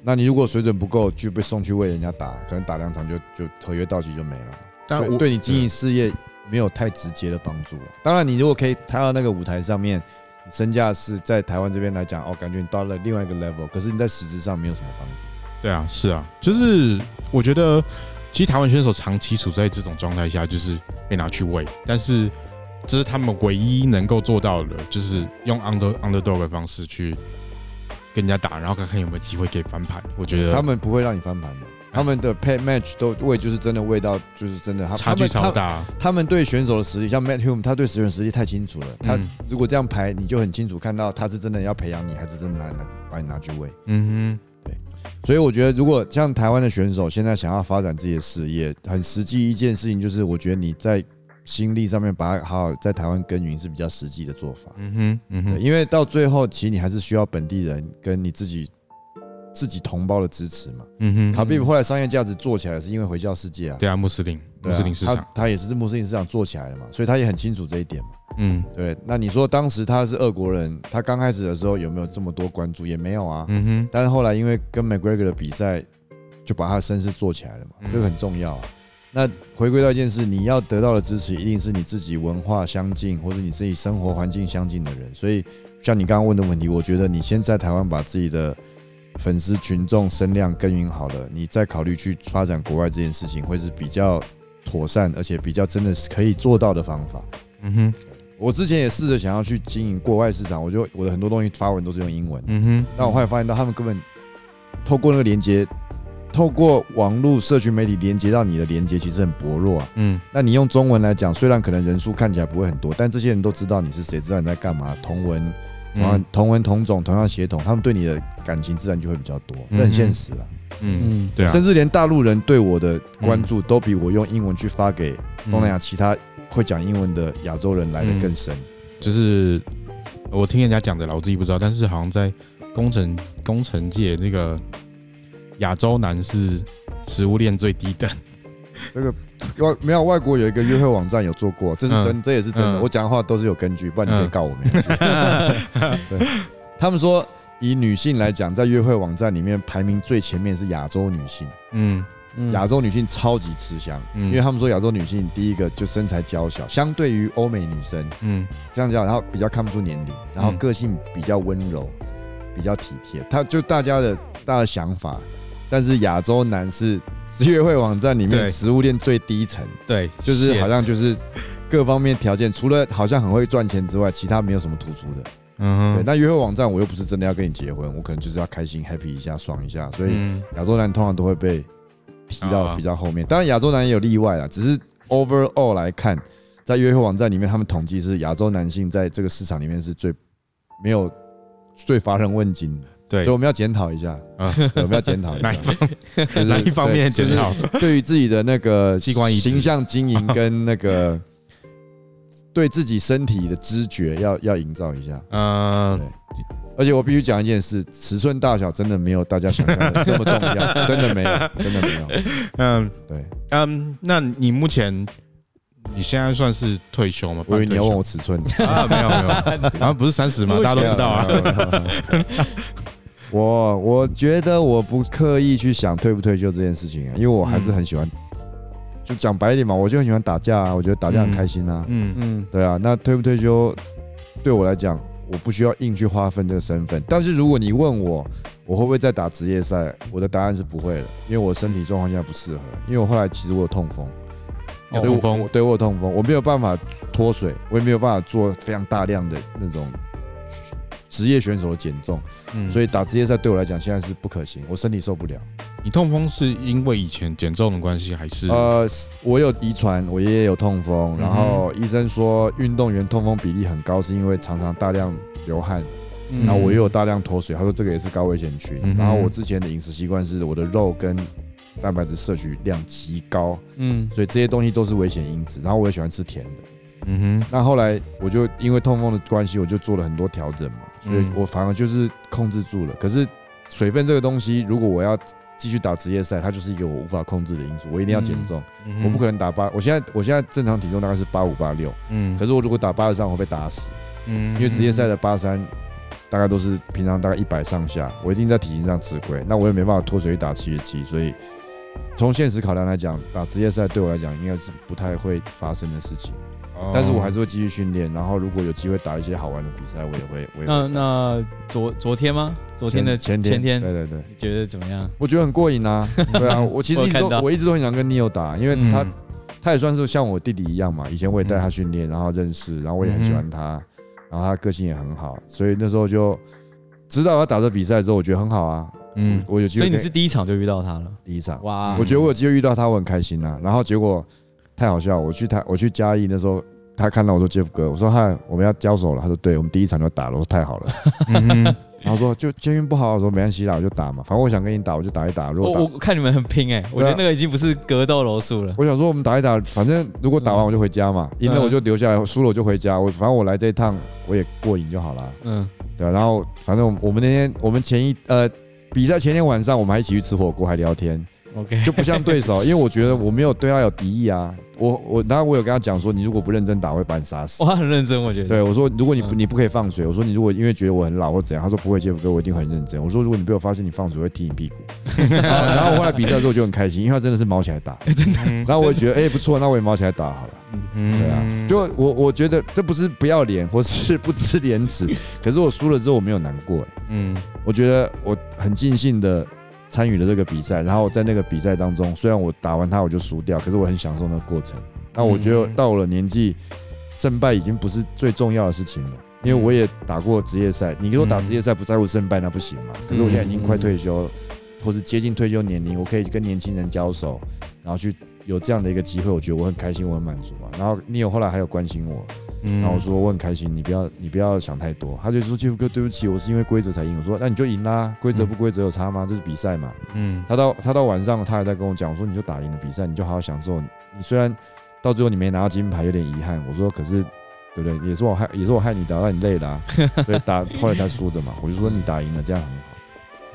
那你如果水準不夠，就被送去為人家打，可能打兩場就就合約到期就沒了。但我對你經營事業沒有太直接的幫助了。當然，你如果可以抬到那個舞台上面，身價是在台灣這邊來講，哦，感覺你到了另外一個 level。可是你在實質上沒有什麼幫助。對啊，是啊，就是我覺得，其實台灣選手長期處在這種狀態下，就是被拿去餵。但是這是他們唯一能夠做到的，就是用 under underdog 的方式去跟人家打，然後看看有沒有機會給翻盤。我覺得他們不會讓你翻盤的。他們的配 match 都餵，就是真的味道，就是真的差距超大。他們對選手的實力，像 Matt Hume，他對實選手實力太清楚了。他如果這樣排，你就很清楚看到他是真的要培養你，還是真的拿拿把你拿去餵。嗯哼，對。所以我覺得，如果像台灣的選手現在想要發展自己的事業，很實際一件事情就是，我覺得你在心力上面把它好好在台灣耕耘是比較實際的做法。嗯哼，嗯哼，因為到最後其實你還是需要本地人跟你自己，自己同胞的支持嘛、嗯，嗯哼，他被後來商業價值做起來，是因為回教世界啊，對啊，穆斯林，穆斯林市場他，他他也是穆斯林市場做起來的嘛，所以他也很清楚這一點嘛，嗯，對。那你說當時他是俄國人，他剛開始的時候有沒有這麼多關注？也沒有啊，嗯哼。但是後來因為跟 McGregor 的比賽，就把他的聲勢做起來了嘛，這個很重要，啊。那回歸到一件事，你要得到的支持，一定是你自己文化相近，或者你自己生活環境相近的人。所以像你剛剛問的問題，我覺得你先在台灣把自己的粉絲群眾聲量耕耘好了，你再考慮去發展國外這件事情，會是比較妥善，而且比較真的是可以做到的方法。嗯哼，我之前也試着想要去經營國外市場，我就我的很多東西發文都是用英文。嗯哼，但我後來發現到，他們根本透過那個連接，透過網絡社群媒體連接到你的連接，其實很薄弱啊。嗯，那你用中文來講，雖然可能人數看起來不會很多，但這些人都知道你是誰，知道你在幹嘛。同文。同，同文同種，同樣協同，他們對你的感情自然就會比較多。嗯，那、嗯、很現實了。嗯，對啊，甚至連大陸人對我的關注都比我用英文去發給東南亞其他會講英文的亞洲人來的更深。嗯。嗯、就是我聽人家講的，老自己不知道，但是好像在工程工程界，那個亞洲男是食物鏈最低等。這個外沒有外國有一個約會網站有做過，這是真、嗯、這也是真的。嗯、我講的話都是有根據，不然你可以告我們。嗯、 [laughs] [laughs] 對，他們說以女性來講，在約會網站裡面排名最前面是亞洲女性。嗯，亞、嗯、洲女性超級吃香，嗯、因為他們說亞洲女性第一個就身材嬌小，相對於歐美女生，嗯，這樣講，然後比較看不出年齡，然後個性比較溫柔，比較體貼，他、嗯、就大家的大家的想法。但是亞洲男是約會網站裡面食物鏈最低層，對，對，就是好像就是各方面條件，除了好像很會賺錢之外，其他沒有什麼突出的。嗯，對。那約會網站我又不是真的要跟你結婚，我可能就是要開心、happy 一下，爽一下，所以亞洲男通常都會被提到比較後面。嗯、當然亞洲男也有例外啦，只是 overall 來看，在約會網站裡面，他們統計是亞洲男性在這個市場裡面是最沒有最乏人問津的。對，所以我們要檢討一下啊，我們要檢討哪一哪一方面檢討？對於自己的那個形象經營跟那個對自己身體的知覺，要要營造一下啊。對，而且我必須講一件事，尺寸大小真的沒有大家想象的那麼重要，真的沒有，真的沒有嗯嗯。啊沒有沒有啊啊、嗯，對，嗯，那你目前你現在算是退休嗎？我以為你要問我尺寸，沒有沒有，然後不是三十嗎？大家都知道啊、 [laughs] 嗯。嗯 [laughs] 我我覺得我不刻意去想退不退休這件事情啊，因為我還是很喜歡，就講白一點嘛，我就很喜歡打架啊，我覺得打架很開心啊。嗯嗯，對啊，那退不退休對我來講，我不需要硬去劃分這個身份。但是如果你問我，我會不會再打職業賽？我的答案是不會了，因為我身體狀況現在不適合。因為我後來其實我有痛風，我痛風，對我有痛風，我沒有辦法脫水，我也沒有辦法做非常大量的那種。職業選手的減重，嗯，所以打職業賽對我來講現在是不可行，我身體受不了。你痛風是因為以前減重的關係還是？呃，我有遺傳，我爺爺有痛風，然後醫生說運動員痛風比例很高，是因為常常大量流汗，嗯，然後我又有大量脫水，他說這個也是高危險群。嗯，然後我之前的飲食習慣是我的肉跟蛋白質攝取量極高，嗯，所以這些東西都是危險因子。然後我也喜歡吃甜的，嗯哼。那後來我就因為痛風的關係，我就做了很多調整嘛。所以我反而就是控制住了。可是水分這個東西，如果我要繼續打職業賽，它就是一個我無法控制的因素。我一定要減重，我不可能打八。我現在我現在正常體重大概是八五八六，嗯，可是我如果打八三我會被打死，因為職業賽的八三大概都是平常大概一百上下，我一定在體型上吃虧。那我也沒辦法脫水打七十七，所以從現實考量來講，打職業賽對我來講應該是不太會發生的事情。但是我還是會繼續訓練，然後如果有機會打一些好玩的比賽，我也會，我也會。嗯，那,那昨昨天嗎？昨天的前,前天？前天？對對對。你覺得怎麼樣？我覺得很過癮啊。 [laughs] 對啊，我其實一直都我,我一直都很想跟 Neo 打，因為他、嗯、他也算是像我弟弟一樣嘛。以前我也帶他訓練、嗯，然後認識，然後我也很喜歡他、嗯，然後他個性也很好，所以那時候就知道他打這比賽之後，我覺得很好啊。嗯，我有機會。所以你是第一場就遇到他了？第一場哇！我覺得我有機會遇到他，我很開心啊。然後結果。太好笑！我去他，我去嘉義那時候，他看到我說：“Jeff 哥，我說嗨，我們要交手了。”他說：“對，我們第一場就打了。”我說：“太好了。 [laughs] 嗯”然後說：“就監運不好的時候沒關係啦。」我就打嘛，反正我想跟你打，我就打一打。如果我,我看你們很拼哎、欸啊，我覺得那個已經不是格鬥羅數了。我想說我們打一打，反正如果打完我就回家嘛，贏了、嗯、我就留下來，輸了我就回家。我反正我來這一趟我也過癮就好了。嗯，對。然後反正我們,我們那天我們前一呃比賽前天晚上我們還一起去吃火鍋，還聊天。OK，就不像對手， [laughs] 因為我覺得我沒有對他有敵意啊。我我，然後我有跟他講說，你如果不認真打，我會把你殺死。他很認真，我覺得。對，我說，如果你你不，你不可以放水，我說你如果因為覺得我很老或怎樣，他說不會，傑夫哥我一定很認真。我說，如果你被我發現你放水，我會踢你屁股。 [laughs] [laughs] 然後我後來比賽的時候就很開心， [laughs] 因為他真的是毛起來打，欸、真的。然後我也覺得，哎、欸，不錯，那我也毛起來打好了。嗯，對啊，就我我覺得這不是不要臉或是不知廉恥， [laughs] 可是我輸了之後我沒有難過、欸，嗯，我覺得我很盡興的參與了這個比賽，然後在那個比賽當中，雖然我打完他我就輸掉，可是我很享受那個過程。那我覺得到了年紀、嗯，勝敗已經不是最重要的事情了，因為我也打過職業賽、嗯。你給我打職業賽不在乎勝敗，那不行嘛、嗯。可是我現在已經快退休，嗯、或是接近退休年齡，我可以跟年輕人交手，然後去有這樣的一個機會，我覺得我很開心，我很滿足嘛、啊。然後你有後來還有關心我。嗯、然後我說我很開心，你不要你不要想太多。他就說：“傑夫哥，對不起，我是因為規則才贏。”我說：“那、啊、你就贏啦，規則不規則有差嗎？嗯、這是比賽嘛。”嗯。他到他到晚上，他還在跟我講，我說：“你就打贏了比賽，你就好好享受你。你雖然到最後你沒拿到金牌，有點遺憾。我說，可是對不對？也是我害，也是我害你打，到你累啦、啊。」所以打 [laughs] 後來才輸的嘛。我就說你打贏了，這樣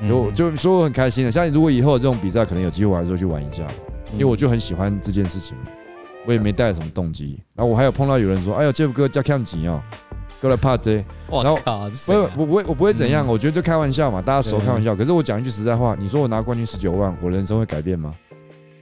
很好。就、嗯、就說我很開心的。像你如果以後這種比賽，可能有機會玩的時候去玩一下吧、嗯，因為我就很喜歡這件事情。”我也沒帶什麼動機，然後我還有碰到有人說：“哎呦，Jeff 哥加獎金啊，過來怕這 s s 我然後我、啊、我不會我不會怎樣，嗯、我覺得就開玩笑嘛，嗯、大家熟開玩笑。可是我講一句實在話，你說我拿冠軍十九萬，我人生會改變嗎？嗯、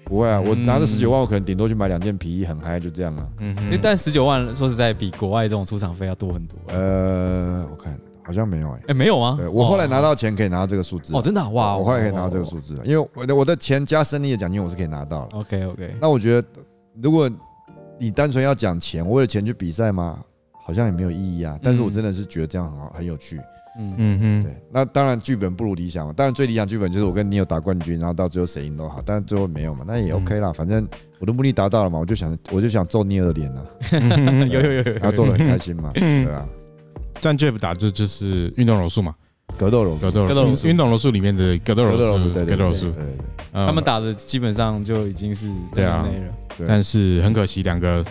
不會啊，我拿這十九萬，我可能頂多去買兩件皮衣，很嗨，就這樣了、啊嗯。但十九萬說實在比國外這種出場費要多很多、啊。呃，我看好像沒有哎、欸，哎、欸、沒有啊。我後來拿到錢可以拿到這個數字哦，真的、啊、哇、哦，我後來可以拿到這個數字哦哦哦哦，因為我的我的錢加勝利的獎金我是可以拿到了。哦、OK OK，那我覺得。如果你單純要講錢，我為了錢去比賽嗎？好像也沒有意義啊。但是我真的是覺得這樣很好，很有趣。嗯嗯嗯，對。那當然劇本不如理想嘛。當然最理想劇本就是我跟聶友打冠軍，然後到最後誰贏都好。但是最後沒有嘛，那也 OK 啦。嗯、反正我的目的達到了嘛，我就想我就想揍聶友的臉呢。有有有有，有，他做的很開心嘛。對啊，站 j 不打就就是運動柔術嘛。格鬥柔，格鬥柔，運動柔術裡面的格鬥柔術，格鬥柔術，他們打的基本上就已經是這樣。但是很可惜，兩個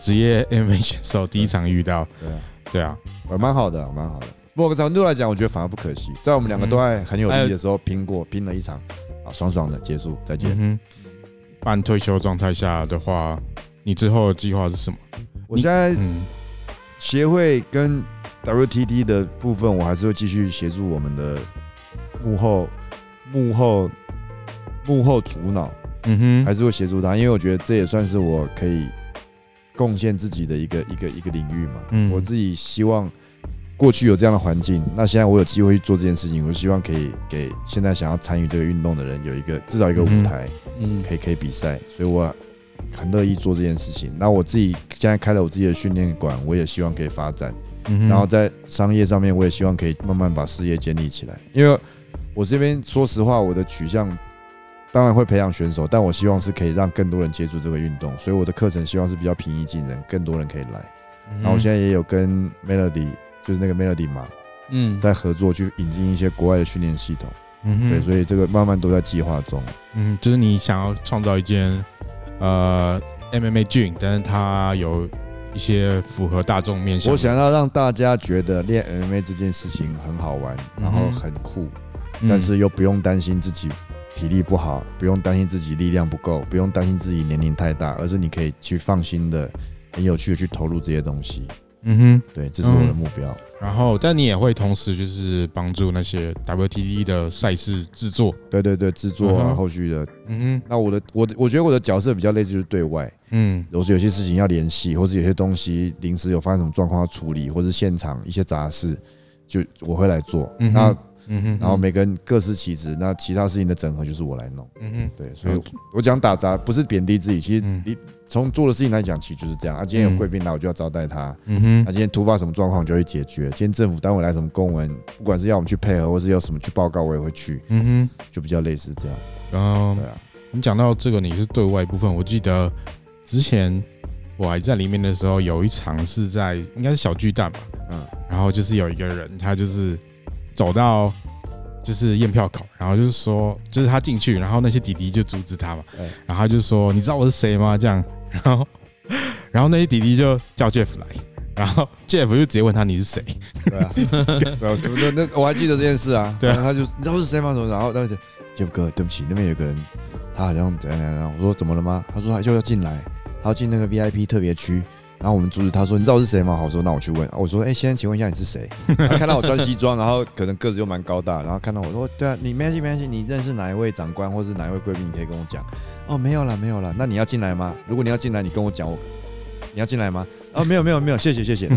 職業 MVP 選手第一場遇到。對啊，對啊，蠻、啊啊、好的、啊，蠻好的。不過從度來講，我覺得反而不可惜，在我們兩個都還很有意義的時候，拼過拼了一場，爽爽的結束，再見。啊嗯、半退休狀態下的話，你之後的計劃是什麼？我現在協會跟。WTT 的部分，我還是會繼續協助我們的幕後、幕後、幕後主腦，嗯哼，還是會協助他，因為我覺得這也算是我可以貢獻自己的一個、一個、一個領域嘛。嗯，我自己希望過去有這樣的環境，那現在我有機會去做這件事情，我希望可以給現在想要參與這個運動的人有一個至少一個舞台，嗯，可以可以比賽，所以我很樂意做這件事情。那我自己現在開了我自己的訓練館，我也希望可以發展，嗯、然後在商業上面，我也希望可以慢慢把事業建立起來，因為我這邊說實話，我的取向當然會培養選手，但我希望是可以讓更多人接觸這個運動，所以我的課程希望是比較平易近人，更多人可以來。然後我現在也有跟 Melody，就是那個 Melody 嘛，嗯，在合作去引進一些國外的訓練系統，嗯，對，所以這個慢慢都在計劃中嗯。嗯，就是你想要創造一間呃 MMA 劇，但是它有。一些符合大眾面向，我想要讓大家覺得練 MMA 這件事情很好玩，然後很酷，嗯嗯嗯但是又不用擔心自己體力不好，不用擔心自己力量不夠，不用擔心自己年齡太大，而是你可以去放心的、很有趣的去投入這些東西。嗯哼，對，這是我的目標。嗯、然後，但你也會同時就是幫助那些 WTD 的賽事制作，對對對，制作、啊、後續的。嗯哼，那我的我我覺得我的角色比較類似就是對外，嗯，有有些事情要聯繫，或者有些東西臨時有發生什麼狀況要處理，或者現場一些雜事，就我會來做。嗯、那嗯哼、嗯，然後每個人各司其職，那其他事情的整合就是我來弄。嗯哼、嗯，對，所以，我講打雜不是貶低自己，其實你從做的事情來講，其實就是這樣。啊，今天有貴賓來，我就要招待他。嗯哼、嗯，啊，今天突發什麼狀況，就會解決。今天政府單位來什麼公文，不管是要我們去配合，或是要什麼去報告，我也會去。嗯哼，就比較類似這樣。嗯，對啊。我們講到這個，你是對外部分，我記得之前我還在裡面的時候，有一場是在應該是小巨蛋吧。嗯，然後就是有一個人，他就是。走到就是驗票口，然後就是說，就是他進去，然後那些弟弟就阻止他嘛。欸、然後他就說：“你知道我是誰嗎？”這樣，然後然後那些弟弟就叫 Jeff 來，然後 Jeff 就直接問他：“你是誰？”對、啊 [laughs] 對啊，對啊， [laughs] 對啊，那那我還記得這件事啊。對啊，他就你知道我是誰嗎？然後那個 Jeff 哥，對不起，那邊有個人，他好像怎樣怎樣。我說怎麼了嗎？他說他就要進來，他要進那個 VIP 特別區。然後我們阻止他說：“你知道是誰嗎？”好說，那我去問。我說：“哎、欸，先請問一下你是誰？”他看到我穿西裝，然後可能個子又蠻高大，然後看到我說：“對啊，你沒關係，沒關係，你認識哪一位長官或是哪一位貴賓？你可以跟我講。”哦，沒有了，沒有了。那你要進來嗎？如果你要進來，你跟我講。我，你要進來嗎？哦，沒有，沒有，沒有，謝謝，謝謝。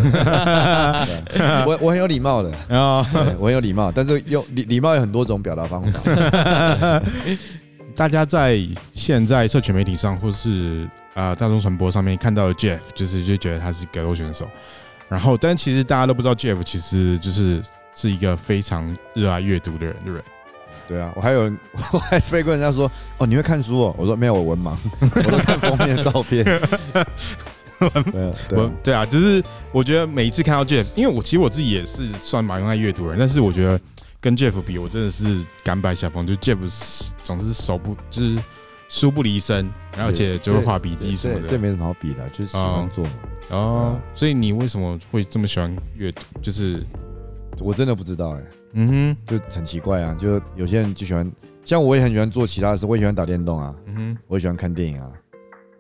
[laughs] 我我很有禮貌的啊，我很有禮貌，但是用禮禮貌有很多種表達方法。 [laughs] 大家在現在社群媒體上或是。啊、呃！大眾傳播上面看到的 Jeff，就是就覺得他是格鬥選手。然後，但其實大家都不知道 Jeff 其實就是是一個非常熱愛閱讀的人對。對啊，我還有，我還被問人家說，哦，你會看書哦、喔？我說沒有，我文盲， [laughs] 我都看封面的照片。 [laughs] 啊啊、 [laughs] 我，對啊，只、就是我覺得每一次看到 Jeff，因為我其實我自己也是算蠻熱愛閱讀的人，但是我覺得跟 Jeff 比，我真的是甘拜下風就 Jeff 總是手不就是。書不離身，而且就會畫筆記什麼的，這沒什麼好比的。啊，就是喜歡做嘛。哦啊。哦，所以你為什麼會這麼喜歡閱讀？就是我真的不知道哎、欸，嗯哼，就很奇怪啊。就有些人就喜歡，像我也很喜歡做其他的事，我也喜歡打電動啊，嗯哼，我也喜歡看電影啊，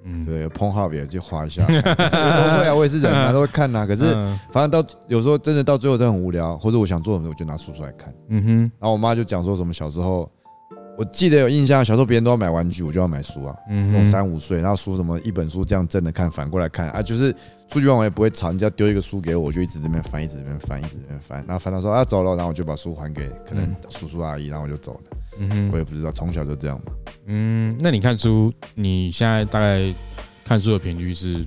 嗯，對，Pornhub 也就滑一下看看，對、嗯、啊，我也是人啊，都會看啊。可是反正到有時候真的到最後都很無聊，或者我想做什麼，我就拿書出來看，嗯哼。然後我媽就講說什麼小時候。我記得有印象，小時候別人都要買玩具，我就要買書啊。嗯，我三五歲，然後書什麼一本書這樣正着看，反過來看啊，就是出去玩我也不會吵，你只要丟一個書給我，我就一直這邊翻，一直這邊翻，一直這邊翻，然後翻到說啊走了，然後我就把書還給可能叔叔阿姨，嗯、然後我就走了。嗯哼，我也不知道，從小就這樣嘛。嗯，那你看書，你現在大概看書的頻率是？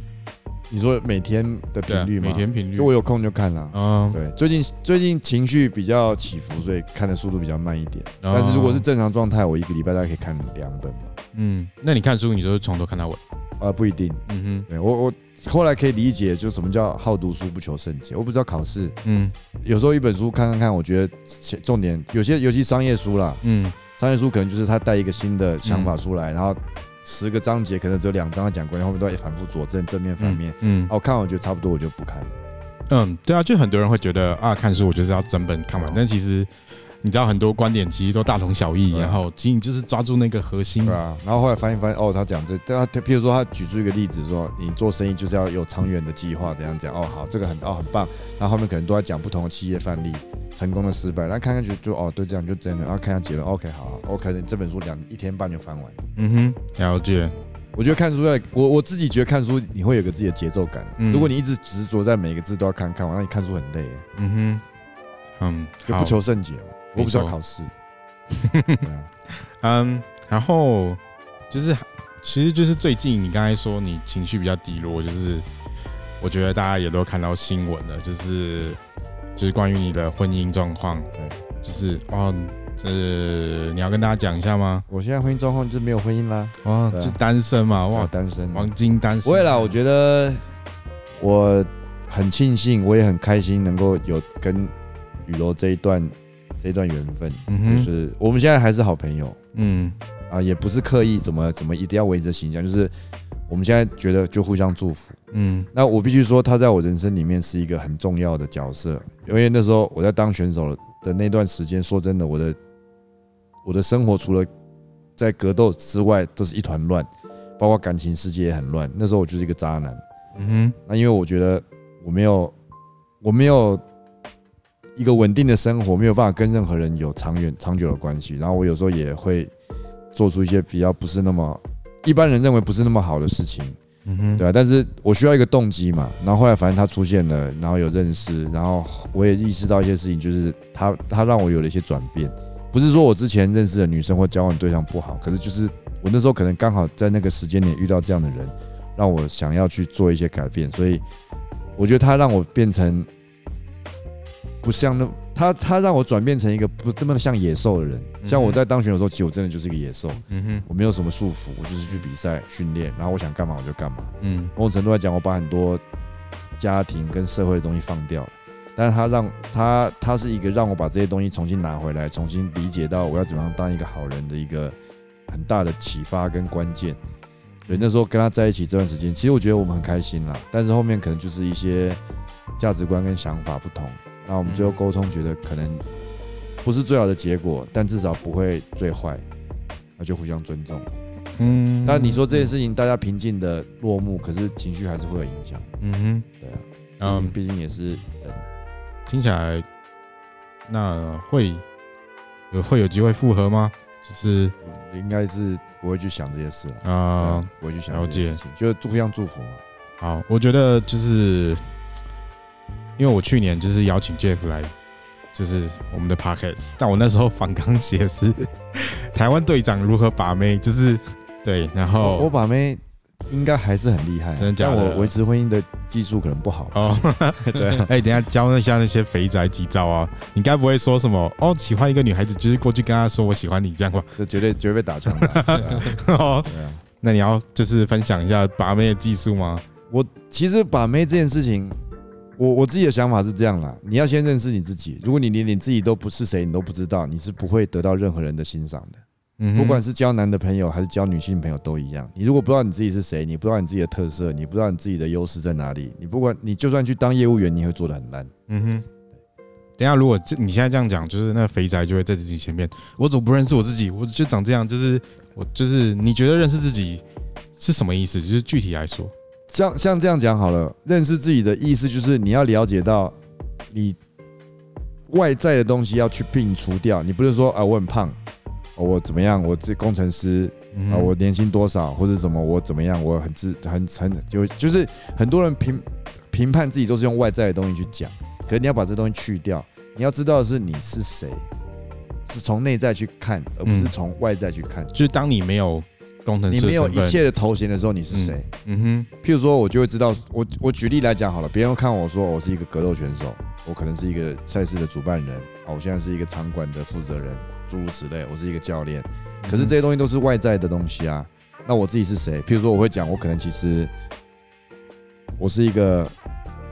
你說每天的頻率嘛？每天頻率，如果有空就看了。嗯，對，最近最近情緒比較起伏，所以看的速度比較慢一點。哦、但是如果是正常狀態，我一個禮拜大概可以看兩本吧。嗯，那你看書，你就是從頭看到尾？啊，不一定。嗯哼對，對我我後來可以理解，就什麼叫好讀書不求甚解。我不知道考試，嗯，有時候一本書看看看，我覺得重點有些，尤其商業書啦，嗯，商業書可能就是他帶一個新的想法出來，嗯、然後。十個章節可能只有兩章講過，然後後面都會反覆佐證正面、反面。嗯，嗯哦，看完我覺得差不多，我就不看了。嗯，對啊，就很多人會覺得啊，看書我就是要整本看完，嗯哦、但其實。你知道很多觀點其實都大同小異、啊，然後僅僅就是抓住那個核心。啊，然後後來發現發現哦，他講這，他譬如說他舉出一個例子說，你做生意就是要有長遠的計劃，怎樣講？哦，好，這個很哦很棒。那後，後面可能都在講不同的企業範例，成功的失敗。那、嗯、看看就就哦，對，這樣就真的。然後看一下結論，OK，好，OK，這本書兩一天半就翻完。嗯哼，了解。我覺得看書在，我我自己覺得看書你會有個自己的節奏感、啊嗯。如果你一直執着在每個字都要看看，那你看書很累。嗯哼，嗯，就、這個、不求甚解我不知道考試 [laughs] 啊、嗯，然後就是，其實就是最近你剛才說你情緒比較低落，就是我覺得大家也都看到新聞了，就是就是關於你的婚姻狀況，對，就是哦，就是、呃、你要跟大家講一下嗎？我現在婚姻狀況就是沒有婚姻啦，哇，啊、就單身嘛，哇，單身，黃金單身。不會啦，我覺得我很慶幸，我也很開心能夠有跟雨柔這一段。那段緣分，嗯，就是我們現在還是好朋友。嗯，啊，也不是刻意怎麼怎麼一定要維持形象，就是我們現在覺得就互相祝福。嗯，那我必須說，他在我人生裡面是一個很重要的角色，因為那時候我在當選手的那段時間，說真的，我的我的生活除了在格鬥之外都是一團亂，包括感情世界也很亂。那時候我就是一個渣男。嗯哼，那因為我覺得我沒有我沒有。一個穩定的生活沒有辦法跟任何人有長遠長久的關係，然後我有時候也會做出一些比較不是那麼一般人認為不是那麼好的事情，嗯對啊。但是我需要一個動機嘛，然後後來反正他出現了，然後有認識，然後我也意識到一些事情，就是他他讓我有了一些轉變，不是說我之前認識的女生或交往對象不好，可是就是我那時候可能剛好在那個時間點遇到這樣的人，讓我想要去做一些改變，所以我覺得他讓我變成。不像那他，他讓我轉變成一個不這麼像野獸的人。像我在當選的時候，其實我真的就是一個野獸，嗯哼，我沒有什麼束縛，我就是去比賽、訓練，然後我想幹嘛我就幹嘛。嗯，某種程度來講，我把很多家庭跟社會的東西放掉，但是他讓他他是一個讓我把這些東西重新拿回來，重新理解到我要怎麼樣當一個好人的一個很大的啟發跟關鍵。所以那時候跟他在一起這段時間，其實我覺得我們很開心啦。但是後面可能就是一些價值觀跟想法不同。那我們最後溝通，覺得可能不是最好的結果，但至少不會最壞，那就互相尊重。嗯。那你說這件事情大家平靜的落幕，可是情緒還是會有影響。嗯哼，對啊。嗯，畢竟也是人。聽起來，那會有會有機會復合嗎？就是、嗯、應該是不會去想這些事了啊，不會去想要這件事情，就互相祝福。好，我覺得就是。因為我去年就是邀請 Jeff 來，就是我們的 Podcast，但我那時候反剛寫是台灣隊長如何把妹，就是對，然後我把妹應該還是很厲害。啊真假的，但我維持婚姻的技術可能不好。哦， [laughs] 對，哎、 [laughs] 欸，等一下教一下那些肥宅幾招啊？你該不會說什麼哦？喜歡一個女孩子就是過去跟她說我喜歡你這樣話？這絕對絕對被打穿了、啊 [laughs] 哦啊啊啊、那你要就是分享一下把妹的技術嗎？我其實把妹這件事情。我我自己的想法是這樣啦，你要先認識你自己。如果你連你自己都不是誰，你都不知道，你是不會得到任何人的欣賞的。嗯哼，不管是交男的朋友還是交女性朋友都一樣。你如果不知道你自己是誰，你不知道你自己的特色，你不知道你自己的優勢在哪裡，你不管你就算去當業務員，你會做得很爛。嗯哼，對。等下，如果這你現在這樣講，就是那肥宅就會在自己前面。我怎麼不認識我自己？我就長這樣，就是我就是你覺得認識自己是什麼意思？就是具體來說。像像這樣講好了，認識自己的意思就是你要了解到，你外在的東西要去摒除掉。你不是說啊我很胖，哦，我怎麼樣？我是工程師，嗯、啊，我年薪多少或者什麼？我怎麼樣？我很自很很就就是很多人評評判自己都是用外在的東西去講，可是你要把這東西去掉。你要知道的是你是誰，是從內在去看，而不是從外在去看。嗯、就是當你沒有。你沒有一切的頭銜的時候，你是誰？嗯，嗯哼。譬如說，我就會知道，我我舉例來講好了，別人看我說我是一個格鬥選手，我可能是一個賽事的主辦人啊，我現在是一個場館的負責人，諸如此類，我是一個教練，嗯。可是這些東西都是外在的東西啊。那我自己是誰？譬如說，我會講，我可能其實我是一個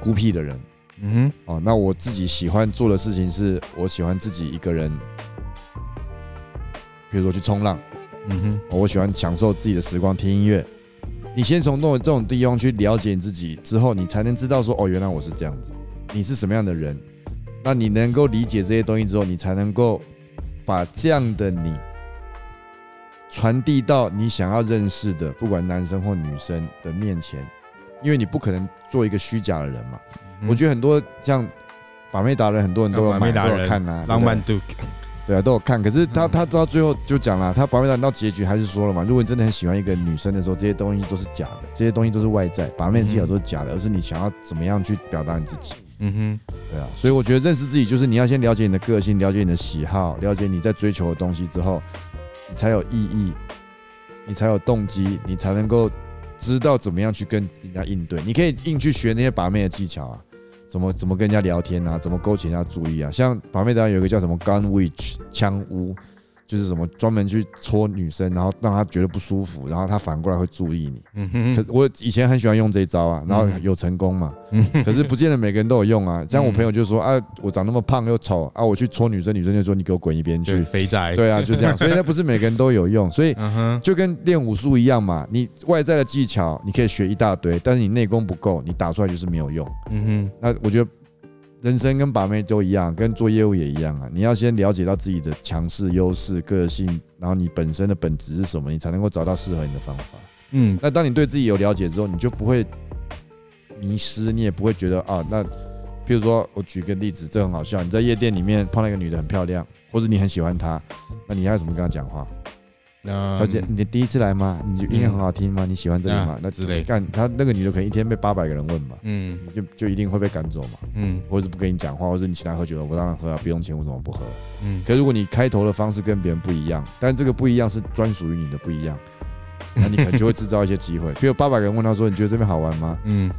孤僻的人。嗯哼。哦，那我自己喜歡做的事情是，我喜歡自己一個人，譬如說去衝浪。嗯哼、哦，我喜歡享受自己的時光，聽音樂。你先從這種這種地方去了解你自己之後，你才能知道說，哦，原來我是這樣子，你是什麼樣的人。那你能夠理解這些東西之後，你才能夠把這樣的你傳遞到你想要認識的，不管男生或女生的面前，因為你不可能做一個虛假的人嘛、嗯。我覺得很多像把妹達人，很多人都蠻多人有看吶、啊，浪漫度對啊，都有看，可是他他到最後就講了，嗯、他把妹講到結局還是說了嘛，如果你真的很喜歡一個女生的時候，這些東西都是假的，這些東西都是外在，把妹技巧都是假的，嗯、而是你想要怎麼樣去表達你自己。嗯哼，對啊，所以我覺得認識自己就是你要先了解你的個性，了解你的喜好，了解你在追求的東西之後，你才有意義，你才有動機，你才能夠知道怎麼樣去跟人家應對。你可以硬去學那些把妹的技巧啊。怎麼怎麼跟人家聊天啊，怎麼勾起人家注意啊？像旁邊當然有一個叫什麼 Gunwitch 槍屋。就是什麼專門去戳女生，然後讓她覺得不舒服，然後她反過來會注意你。嗯哼、嗯，可我以前很喜歡用這一招啊，然後有成功嘛。嗯哼，可是不見得每個人都有用啊。像我朋友就說、嗯、啊，我長那麼胖又醜啊，我去戳女生，女生就說你給我滾一邊去。肥仔。對啊，就這樣。所以那不是每個人都有用。 [laughs] 所以，就跟練武術一樣嘛，你外在的技巧你可以學一大堆，但是你內功不夠，你打出來就是沒有用。嗯哼，那我覺得。人生跟把妹都一樣，跟做業務也一樣啊！你要先了解到自己的強勢優勢、個性，然後你本身的本質是什麼，你才能夠找到適合你的方法。嗯，那當你對自己有了解之後，你就不會迷失，你也不會覺得啊。那，譬如說我舉個例子，這很好笑。你在夜店裡面碰到一個女的很漂亮，或者你很喜歡她，那你還有什麼跟她講話？Um, 小姐，你第一次來嗎？你就音樂很好聽嗎、嗯？你喜歡這裡嗎？啊、那之類，幹他那個女的可能一天被八百個人問嘛，嗯，就就一定會被趕走嘛，嗯，或者是不跟你講話，或者你請他喝酒了，我當然喝啊，不用錢，我怎麼不喝、啊？嗯，可如果你開頭的方式跟別人不一樣，但這個不一樣是專屬於你的不一樣，那你可能就會製造一些機會。比 [laughs] 如八百個人問他說，你覺得這邊好玩嗎？嗯，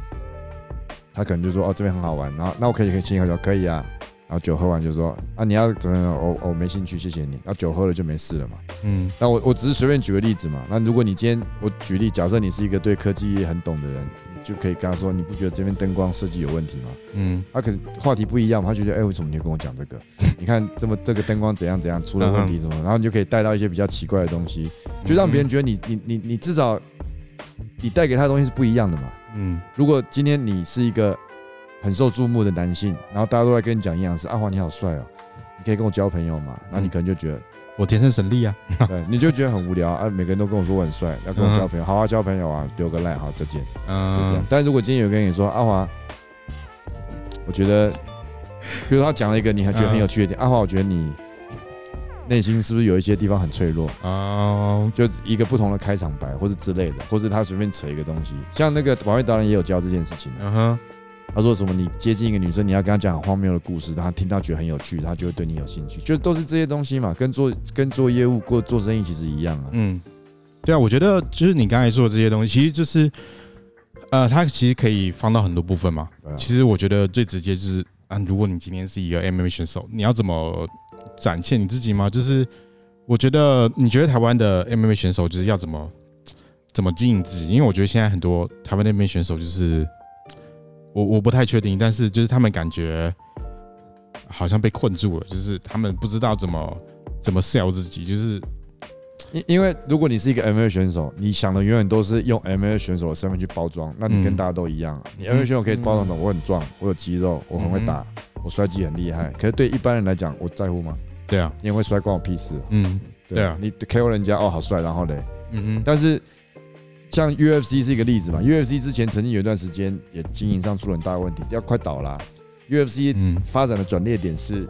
他可能就說，哦，這邊很好玩，然後那我可以可以請喝酒，可以啊。然後酒喝完就說：“啊，你要怎麼樣？我、哦、我、哦哦、沒興趣，謝謝你。啊”那酒喝了就沒事了嘛。嗯。那我我只是隨便舉個例子嘛。那如果你今天我舉例，假設你是一個對科技很懂的人，你就可以跟他說：“你不覺得這邊燈光設計有問題嗎？”嗯。他、啊、可能話題不一樣嘛，他就覺得：“哎，為什麼你跟我講這個？ [laughs] 你看這麼這個燈光怎樣怎樣出了問題什，怎、嗯、麼？”然後你就可以帶到一些比較奇怪的東西，就讓別人覺得你嗯嗯你你你至少你帶給他的東西是不一樣的嘛。嗯。如果今天你是一個很受注目的男性，然後大家都在跟你講一樣是阿華，你好帥哦、喔，你可以跟我交朋友嘛？那你可能就覺得、嗯、我天生神力啊，對，你就覺得很無聊啊。每個人都跟我說我很帥，要跟我交朋友，嗯、好好、啊、交朋友啊，留個 line，好、啊，再見。嗯，但如果今天有跟你說阿華、啊，我覺得，比如他講了一個你還覺得很有趣的點，阿、嗯、華，啊、華我覺得你內心是不是有一些地方很脆弱啊、嗯？就一個不同的開場白，或是之類的，或是他隨便扯一個東西，像那個王位導演也有教這件事情、啊。嗯哼。嗯。他說什麼？你接近一個女生，你要跟她講很荒謬的故事，她聽到覺得很有趣，她就會對你有興趣。就都是這些東西嘛，跟做跟做業務、做做生意其實一樣啊。嗯，對啊，我覺得就是你剛才說的這些東西，其實就是，呃，他其實可以放到很多部分嘛，對啊。其實我覺得最直接就是，啊，如果你今天是一個 MMA 選手，你要怎麼展現你自己嗎？就是我覺得你覺得台灣的 MMA 選手就是要怎麼怎麼經營自己？因為我覺得現在很多台灣那邊選手就是。我我不太確定，但是就是他們感覺好像被困住了，就是他們不知道怎麼怎麼 sell 自己，就是因因為如果你是一個 MMA 選手，你想的永遠都是用 MMA 選手的身份去包裝，那你跟大家都一樣、啊，嗯、你 MMA 選手可以包裝成，我很壯，嗯、我有肌肉，我很會打，嗯、我摔技很厲害，可是對一般人來講，我在乎嗎？對啊，你也會摔關我屁事？嗯，對啊，對你 KO 人家哦好帥，然後嘞，嗯，嗯，但是。像 UFC 是一個例子嘛，UFC 之前曾經有一段時間也經營上出了很大的問題，要快倒了啊。UFC 發展的轉捩點是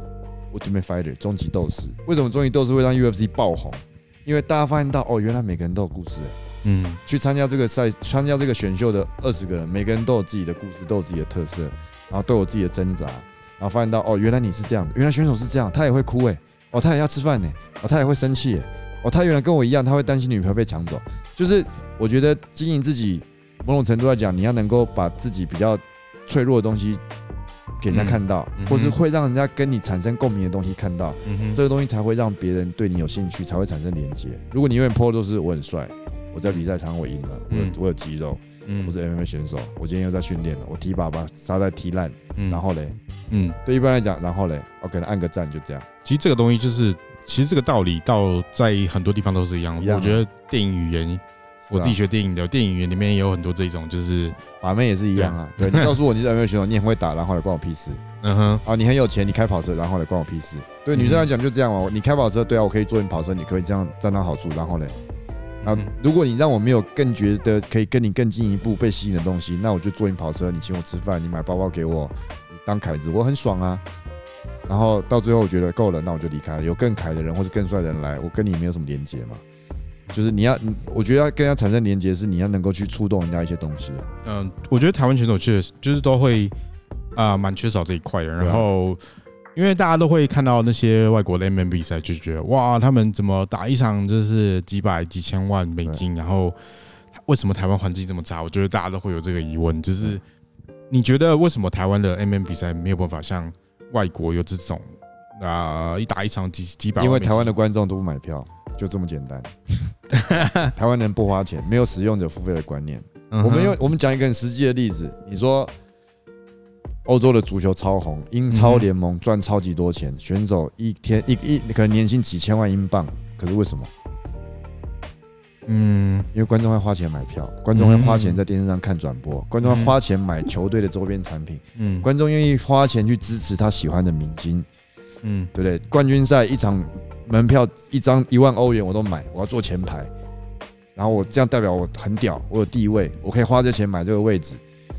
Ultimate Fighter（ 終極鬥士）。為什麼終極鬥士會讓 UFC 爆紅？因為大家發現到哦，原來每個人都有故事嗯。去參加這個賽，參加這個選秀的二十個人，每個人都有自己的故事，都有自己的特色，然後都有自己的掙扎。然後發現到哦，原來你是這樣的，原來選手是這樣，他也會哭哎，哦，他也要吃飯呢。哦，他也會生氣哎。哦，他原來跟我一樣，他會擔心女朋友被搶走。就是我覺得經營自己，某種程度來講，你要能夠把自己比較脆弱的東西給人家看到，嗯嗯、或是會讓人家跟你產生共鳴的東西看到、嗯，這個東西才會讓別人對你有興趣，才會產生連接。如果你永遠 Po 都是我很帥，我在比賽場我贏了，我有、嗯、我有肌肉、嗯，我是 MMA 選手，我今天又在訓練了，我踢把把沙袋踢爛，然後嘞，嗯，對，一般來講，然後嘞，我給他按個讚就這樣。其實這個東西就是。其實這個道理到在很多地方都是一樣。我覺得電影語言，我自己學電影的，電影語言裡面也有很多這種，就是把妹也是一樣啊。 [laughs] 對，你告訴我你是 NBA 選手，你很會打，然後來關我屁事。嗯哼。啊，你很有錢，你開跑車，然後來關我屁事。對女生來講就這樣嘛，你開跑車，對啊，我可以坐你跑車，你可以這樣占到好處，然後呢，啊，如果你讓我沒有更覺得可以跟你更進一步被吸引的東西，那我就坐你跑車，你請我吃飯，你買包包給我，當凱子，我很爽啊。然後到最後，我覺得夠了，那我就離開了。有更可愛的人，或是更帥的人來，我跟你沒有什麼連接嘛。就是你要，我覺得要跟他產生連接，是你要能夠去觸動人家一些東西。嗯，我覺得台灣選手確實就是都會啊，蠻、呃、缺少這一塊的。然後、啊，因為大家都會看到那些外國的 MMA 比賽，就覺得哇，他們怎麼打一場就是幾百、幾千萬美金？然後為什麼台灣環境這麼差？我覺得大家都會有這個疑問。就是你覺得為什麼台灣的 MMA 比賽沒有辦法像？外國有這種啊、呃，一打一場幾幾百萬，因為台灣的觀眾都不買票，就這麼簡單。 [laughs] [laughs] 台灣人不花錢，沒有使用者付費的觀念。嗯、我們用我們講一個很實際的例子，你說歐洲的足球超紅，英超聯盟賺超級多錢，嗯、選手一天一一,一可能年薪幾千萬英鎊，可是為什麼？嗯，因為觀眾會花錢買票，觀眾會花錢在電視上看轉播，嗯，觀眾會花錢買球隊的周邊產品，嗯，觀眾願意花錢去支持他喜歡的明星，嗯，對不對？冠軍賽一場門票一張一萬歐元我都買，我要坐前排，然後我這樣代表我很屌，我有地位，我可以花這錢買這個位置，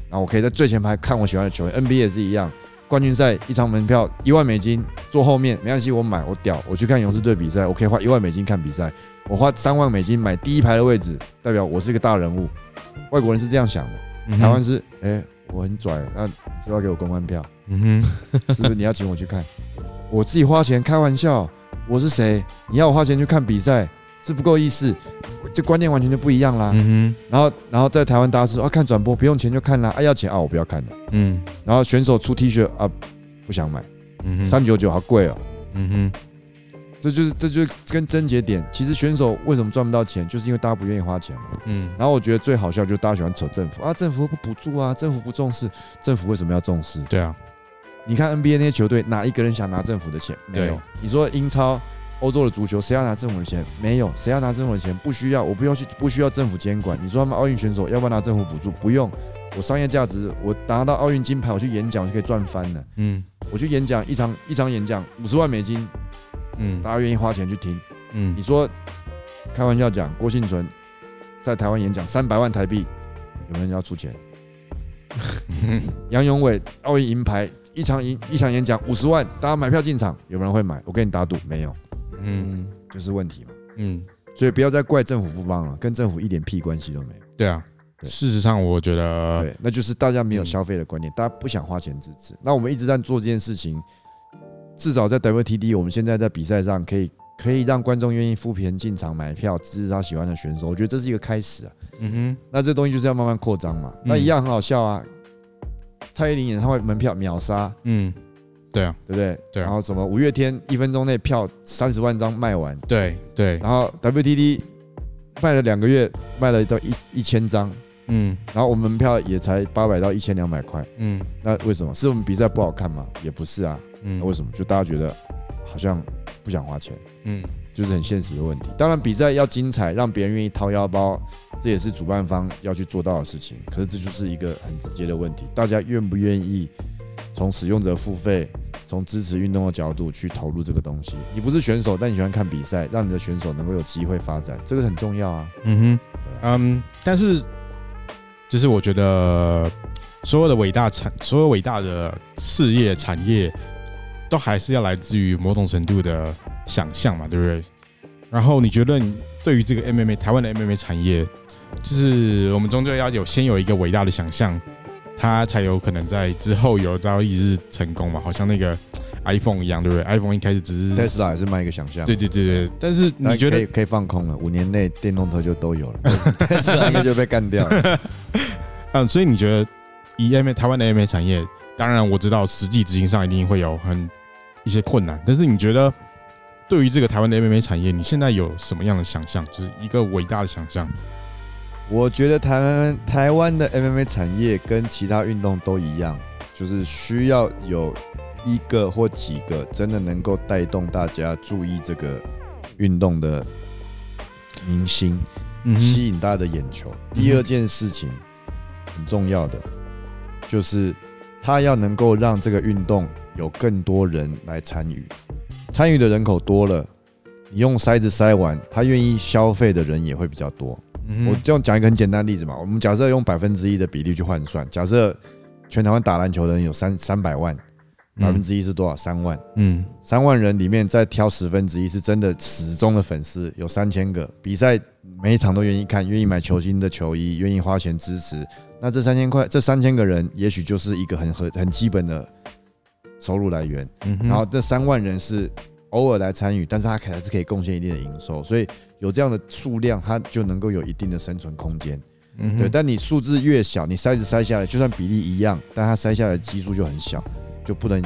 然後我可以在最前排看我喜歡的球員，NBA 也是一樣。冠軍賽一場門票一萬美金，坐後面沒關係，我買我屌，我去看勇士隊比賽，我可以花一萬美金看比賽。我花三萬美金買第一排的位置，代表我是一個大人物。外國人是這樣想的，嗯、台灣是，哎、欸，我很拽，那是不是要給我公關票？嗯、哼 [laughs] 是不是？你要請我去看，我自己花錢開玩笑，我是誰？你要我花錢去看比賽？是不夠意思，這觀念完全就不一樣啦。嗯哼，然後，然後在台灣，大家說啊，看轉播不用錢就看了，啊，要錢啊，我不要看了。嗯，然後選手出 T 恤啊，不想買，三九九好貴哦。嗯哼，這就是，這就是跟癥結點。其實選手為什麼賺不到錢，就是因為大家不願意花錢嘛。嗯，然後我覺得最好笑就是大家喜歡扯政府啊，政府不補助啊，政府不重視，政府為什麼要重視？對啊，你看 NBA 那些球隊，哪一個人想拿政府的錢？對，沒有。你說英超。歐洲的足球，誰要拿政府的錢？沒有，誰要拿政府的錢？不需要，我不要去，不需要政府監管。你說他們奧運選手要不要拿政府補助？不用，我商業價值，我拿到奧運金牌，我去演講我就可以賺翻了。嗯，我去演講，一場一場演講五十萬美金，嗯，大家願意花錢去聽。嗯，你說，開玩笑講，郭婞淳在台灣演講三百萬台幣，有沒有人要出錢？楊勇緯奧運銀牌，一場一一場演講五十萬，大家買票進場，有沒有人會買？我跟你打賭，沒有。嗯，就是問題嘛。嗯，所以不要再怪政府不幫了，跟政府一點屁關係都沒有。對啊，對，事實上我覺得，對，那就是大家沒有消費的觀念、嗯，大家不想花錢支持。那我們一直在做這件事情，至少在 WTD，我們現在在比賽上可以可以讓觀眾願意付錢進場買票支持他喜歡的選手，我覺得這是一個開始啊。嗯哼，那這東西就是要慢慢擴張嘛、嗯。那一樣很好笑啊，蔡依林演唱會門票秒殺。嗯。對啊，對不對？對、啊，然後什麼五月天一分鐘內票三十萬張賣完，對對。然後 WTT 賣了兩個月，賣了到一一千張，嗯。然後我們門票也才八百到一千兩百塊，嗯。那為什麼？是我們比賽不好看嗎？也不是啊，嗯。那為什麼？就大家覺得好像不想花錢，嗯，就是很現實的問題。當然比賽要精彩，讓別人願意掏腰包，這也是主辦方要去做到的事情。可是這就是一個很直接的問題，大家願不願意？從使用者付費，從支持運動的角度去投入這個東西。你不是選手，但你喜歡看比賽，讓你的選手能夠有機會發展，這個很重要啊。嗯哼，嗯，但是就是我覺得所有的偉大產，所有偉大的事業產業，都還是要來自於某種程度的想象嘛，對不對？然後你覺得你對於這個 MMA，台灣的 MMA 產業，就是我們終究要有先有一個偉大的想象。他才有可能在之後有朝一日成功嘛？好像那個 iPhone 一樣，對不對？iPhone 一開始只是特斯拉還是蠻一個想象。對對對,對對對對，但是你覺得可以,可以放空了，五年內電動車就都有了，但是那應該就被幹掉了。 [laughs] 嗯，所以你覺得以 M, 台灣的 MMA 產業，當然我知道實際執行上一定會有很一些困難，但是你覺得對於這個台灣的 MMA 產業，你現在有什麼樣的想象？就是一個偉大的想象？我覺得台灣台灣的 MMA 產業跟其他運動都一樣，就是需要有一個或幾個真的能夠帶動大家注意這個運動的明星，吸引大家的眼球。嗯、第二件事情很重要的、嗯、就是他要能夠讓這個運動有更多人來參與，參與的人口多了。你用篩子篩完，他願意消費的人也會比較多。我就講一個很簡單的例子嘛，我們假設用百分之一的比例去換算，假設全台灣打籃球的人有三三百萬，百分之一是多少？三萬。嗯，三萬人裡面再挑十分之一，是真的死忠的粉絲，有三千個，比賽每一場都願意看，願意買球星的球衣，願意花錢支持。那這三千塊，這三千個人，也許就是一個很很很基本的收入來源。然後這三萬人是。偶爾來參與，但是他還是可以貢獻一定的營收，所以有這樣的數量，它就能夠有一定的生存空間。嗯，對。但你數字越小，你篩子篩下來，就算比例一樣，但它篩下來的基數就很小，就不能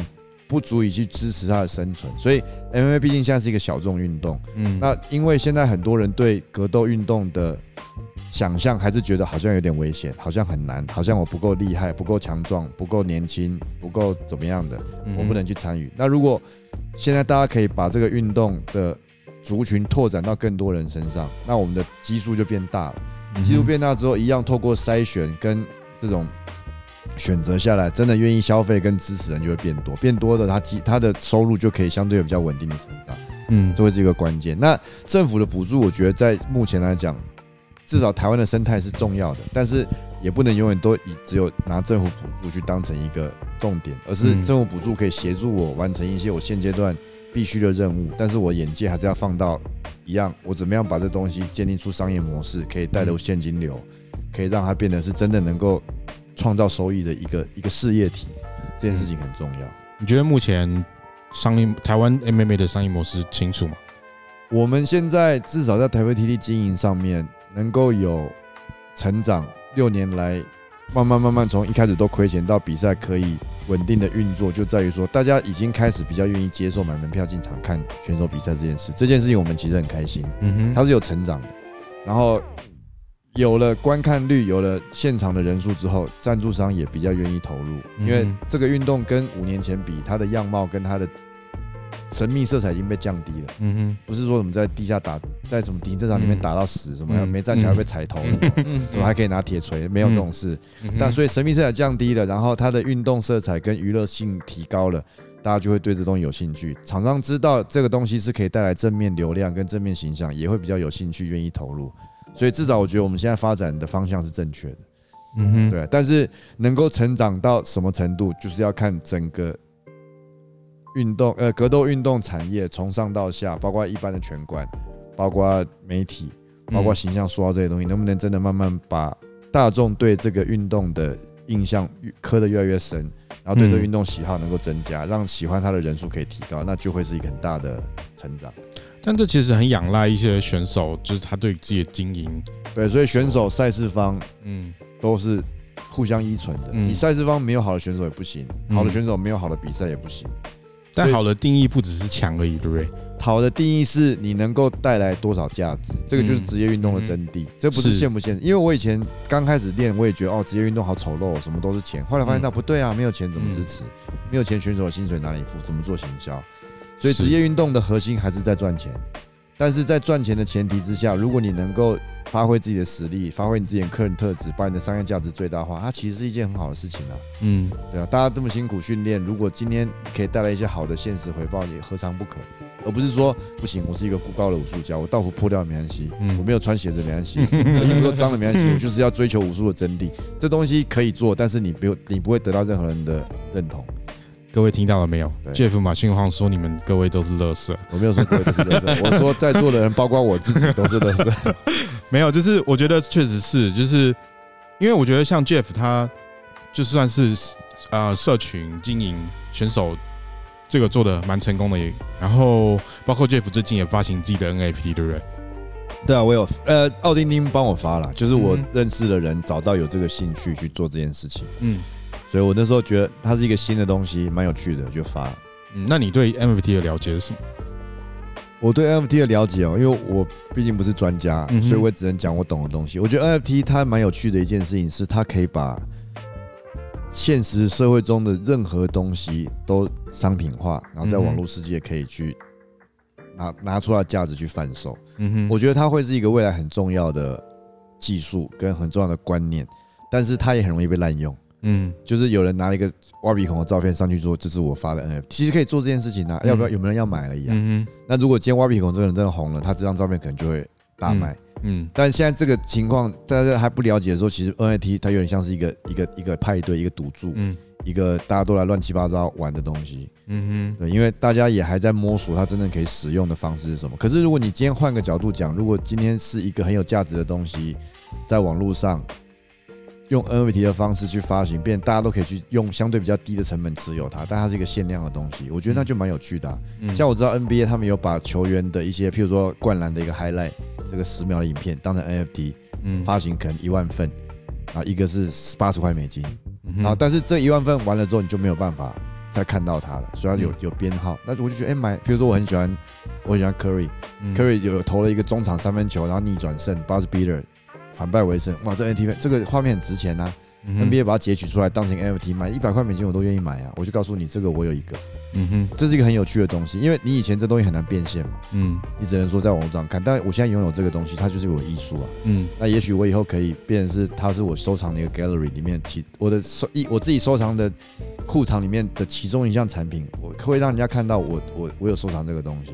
不足以去支持它的生存。所以 MMA 畢竟現在是一個小眾運動。嗯，那因為現在很多人對格鬥運動的想象還是覺得好像有點危險，好像很難，好像我不夠厲害，不夠強壯，不夠年輕，不夠怎麼樣的，嗯，我不能去參與，嗯。那如果現在大家可以把這個運動的族群拓展到更多人身上，那我們的基數就變大了。基數變大之後，一樣透過篩選跟這種選擇下來，真的願意消費跟支持人就會變多，變多的他基他的收入就可以相對比較穩定的成長。嗯，這會是一個關鍵。那政府的補助，我覺得在目前來講，至少台灣的生態是重要的，但是。也不能永遠都以只有拿政府補助去當成一個重點，而是政府補助可以協助我完成一些我現階段必須的任務，但是我眼界還是要放到一樣，我怎麼樣把這東西建立出商業模式，可以帶入現金流，可以讓它變得是真的能夠創造收益的一個一個事業體，這件事情很重要，嗯。你覺得目前商業台灣 MMA 的商業模式清楚嗎？我們現在至少在台灣 TT 經營上面能夠有成長。六年來，慢慢慢慢從一開始都虧錢，到比賽可以穩定的運作，就在於說大家已經開始比較願意接受買門票進場看選手比賽這件事。這件事情我們其實很開心，嗯，它是有成長的。然後有了觀看率，有了現場的人數之後，贊助商也比較願意投入，因為這個運動跟五年前比，它的樣貌跟它的神秘色彩已經被降低了，嗯，嗯不是說我們在地下打，在什麼停車場裡面打到死，什麼樣、嗯、沒站起來被踩頭、嗯，什麼還可以拿鐵錘、嗯，沒有這種事、嗯。但所以神秘色彩降低了，然後它的運動色彩跟娛樂性提高了，大家就會對這東西有興趣。廠商知道這個東西是可以帶來正面流量跟正面形象，也會比較有興趣，願意投入。所以至少我覺得我們現在發展的方向是正確的，嗯對。但是能夠成長到什麼程度，就是要看整個。運動呃，格鬥運動產業從上到下，包括一般的拳館，包括媒體，包括形象塑造這些東西、嗯，能不能真的慢慢把大眾對這個運動的印象刻得越來越深，然後對這個運動喜好能夠增加、嗯，讓喜歡他的人數可以提高，那就會是一個很大的成長。但這其實很仰賴一些選手，就是他對自己的經營，對，所以選手、賽事方，嗯，都是互相依存的。你、嗯、賽事方沒有好的選手也不行、嗯，好的選手沒有好的比賽也不行。但好的定義不只是強而已，對不對？對好的定義是你能夠帶來多少價值，這個就是職業運動的真諦、嗯嗯。這不是現不現實。因為我以前剛開始練，我也覺得哦，職業運動好醜陋、哦，什麼都是錢。後來發現到不對啊，沒有錢怎麼支持？嗯嗯，沒有錢選手的薪水哪裡付？怎麼做行銷？所以職業運動的核心還是在賺錢。但是在賺錢的前提之下，如果你能夠發揮自己的實力，發揮你自己的個人特質，把你的商業價值最大化，它、啊、其實是一件很好的事情啊。嗯，對啊，大家這麼辛苦訓練，如果今天可以帶來一些好的現實回報，也何嘗不可？而不是說不行，我是一個孤高的武術家，我道服破掉的沒關係，我沒有穿鞋子沒關係，我衣服都髒了沒關係，嗯、我就是要追求武術的真諦。 [laughs] 這東西可以做，但是你不，你不會得到任何人的認同。各位聽到了沒有？Jeff 馬姓晃說你們各位都是樂色，我沒有說各位都是樂色，我說在座的人，包括我自己都是樂色。沒有，就是我覺得確實是，就是因為我覺得像 Jeff 他就算是啊、呃、社群經營選手，這個做的蠻成功的也。然後包括 Jeff 最近也發行自己的 NFT 的人，對啊，我有呃奧丁丁幫我發了啦，就是我認識的人找到有這個興趣去做這件事情。嗯。嗯所以，我那時候覺得它是一個新的東西，蠻有趣的，就發了。嗯、那你對 NFT 的了解是什麼？我對 NFT 的了解哦、喔，因為我畢竟不是專家、嗯，所以我只能講我懂的東西。我覺得 NFT 它蠻有趣的一件事情是，它可以把現實社會中的任何東西都商品化，然後在網絡世界可以去拿、嗯、拿出來的價值去販售。嗯哼，我覺得它會是一個未來很重要的技術跟很重要的觀念，但是它也很容易被濫用。嗯，就是有人拿一個挖鼻孔的照片上去說，這是我發的 NFT，其實可以做這件事情、啊，那、嗯、要不要有沒有人要買了一樣？嗯。那如果今天挖鼻孔這個人真的紅了，他這張照片可能就會大賣。嗯。但現在這個情況大家還不了解的時候，其實 NFT 它有點像是一個一個一個派對，一個賭注，一個大家都來亂七八糟玩的東西。嗯。對，因為大家也還在摸索它真正可以使用的方式是什麼。可是如果你今天換個角度講，如果今天是一個很有價值的東西，在網絡上。用 NFT 的方式去發行，變大家都可以去用相對比較低的成本持有它，但它是一個限量的東西，我覺得那就蠻有趣的、啊嗯。像我知道 NBA 他們有把球員的一些，譬如說灌籃的一個 highlight，這個十秒的影片當成 NFT、嗯、發行，可能一萬份啊，然後一個是八十塊美金啊、嗯，但是這一萬份完了之後你就沒有辦法再看到它了，雖然有、嗯、有編號，但是我就覺得哎、欸、買，譬如說我很喜歡，我很喜歡 Curry，Curry、嗯、Curry 有投了一個中場三分球，然後逆轉勝，八十 beater。反敗為勝，哇！這 N T V 這個畫面很值錢吶、啊嗯、，N B A 把它截取出來當成 N F T 賣，一百塊美金我都願意買啊！我就告訴你，這個我有一個，嗯哼，這是一個很有趣的東西，因為你以前這東西很難變現嘛，嗯，你只能說在網絡上看，但我現在擁有這個東西，它就是我的藝術啊，嗯，那、啊、也許我以後可以變成是，是它是我收藏的一個 gallery 裡面其我的收一我自己收藏的庫藏裡面的其中一項產品，我可以讓人家看到我我我有收藏這個東西。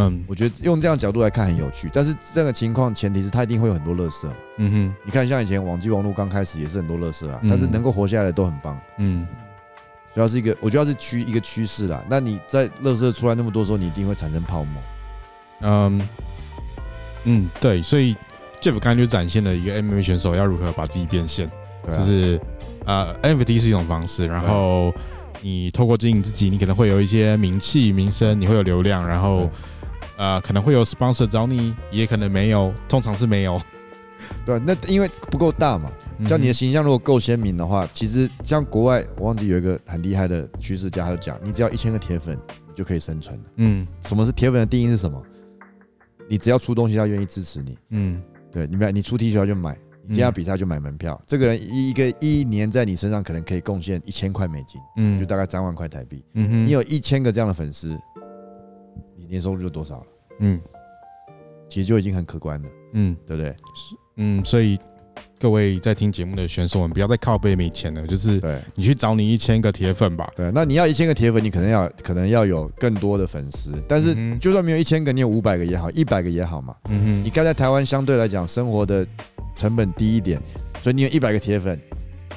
嗯、um,，我覺得用這樣角度來看很有趣，但是這個情況前提是它一定會有很多垃圾。嗯哼，你看像以前《網際網路》剛開始也是很多垃圾啊、嗯，但是能夠活下來都很棒。嗯，主、嗯、要是一個，我覺得是趨一個趨勢啦。那你在垃圾出來那麼多時候，你一定會產生泡沫。嗯，嗯，對，所以 Jeff 剛才就展現了一個 MMA 選手要如何把自己變現，對啊、就是啊、呃、，NFT 是一種方式，然後你透過經營自己，你可能會有一些名氣、名聲，你會有流量，然後、嗯。啊、呃，可能會有 sponsor 找你，也可能沒有，通常是沒有。對，那因為不夠大嘛。像你的形象如果夠鮮明的話、嗯，其實像國外，我忘記有一個很厲害的趨勢家，他就講，你只要一千個鐵粉，你就可以生存。嗯，什麼是鐵粉的定義是什麼？你只要出東西，他願意支持你。嗯，對，你買你出 T 恤他就買，你接下比賽就買門票、嗯。這個人一個一年在你身上可能可以貢獻一千塊美金，嗯，就大概三萬塊台幣。嗯哼，你有一千個這樣的粉絲。年收入就多少了？嗯，其實就已經很可觀了。嗯，對不對？嗯，所以各位在聽節目的選手們，不要再靠背沒錢了。就是，對，你去找你一千個鐵粉吧。對，那你要一千個鐵粉，你可能要，可能要有更多的粉絲。但是，就算沒有一千個，你有五百個也好，一百個也好嘛。嗯，你剛才在台灣相對來講生活的成本低一點，所以你有一百個鐵粉，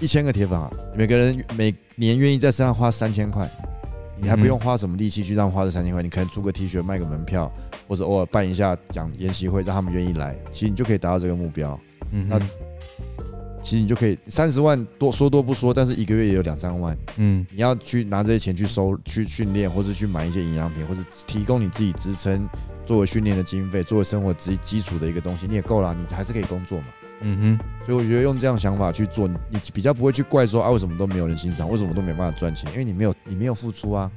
一千個鐵粉啊，每個人每年願意在身上花三千塊。你還不用花什麼力氣去讓花這三千塊，你可能出個 T 恤賣個門票，或者偶爾辦一下講研習會，讓他們願意來，其實你就可以達到這個目標。嗯，那其實你就可以三十萬多說多不說，但是一個月也有兩三萬。嗯，你要去拿這些錢去收去訓練，或是去買一些營養品，或者提供你自己支撐作為訓練的經費，作為生活基基礎的一個東西，你也夠了，你還是可以工作嘛。嗯哼，所以我覺得用這樣想法去做，你比較不會去怪說啊為什麼都沒有人欣賞，為什麼都沒辦法賺錢？因為你沒有你沒有付出啊，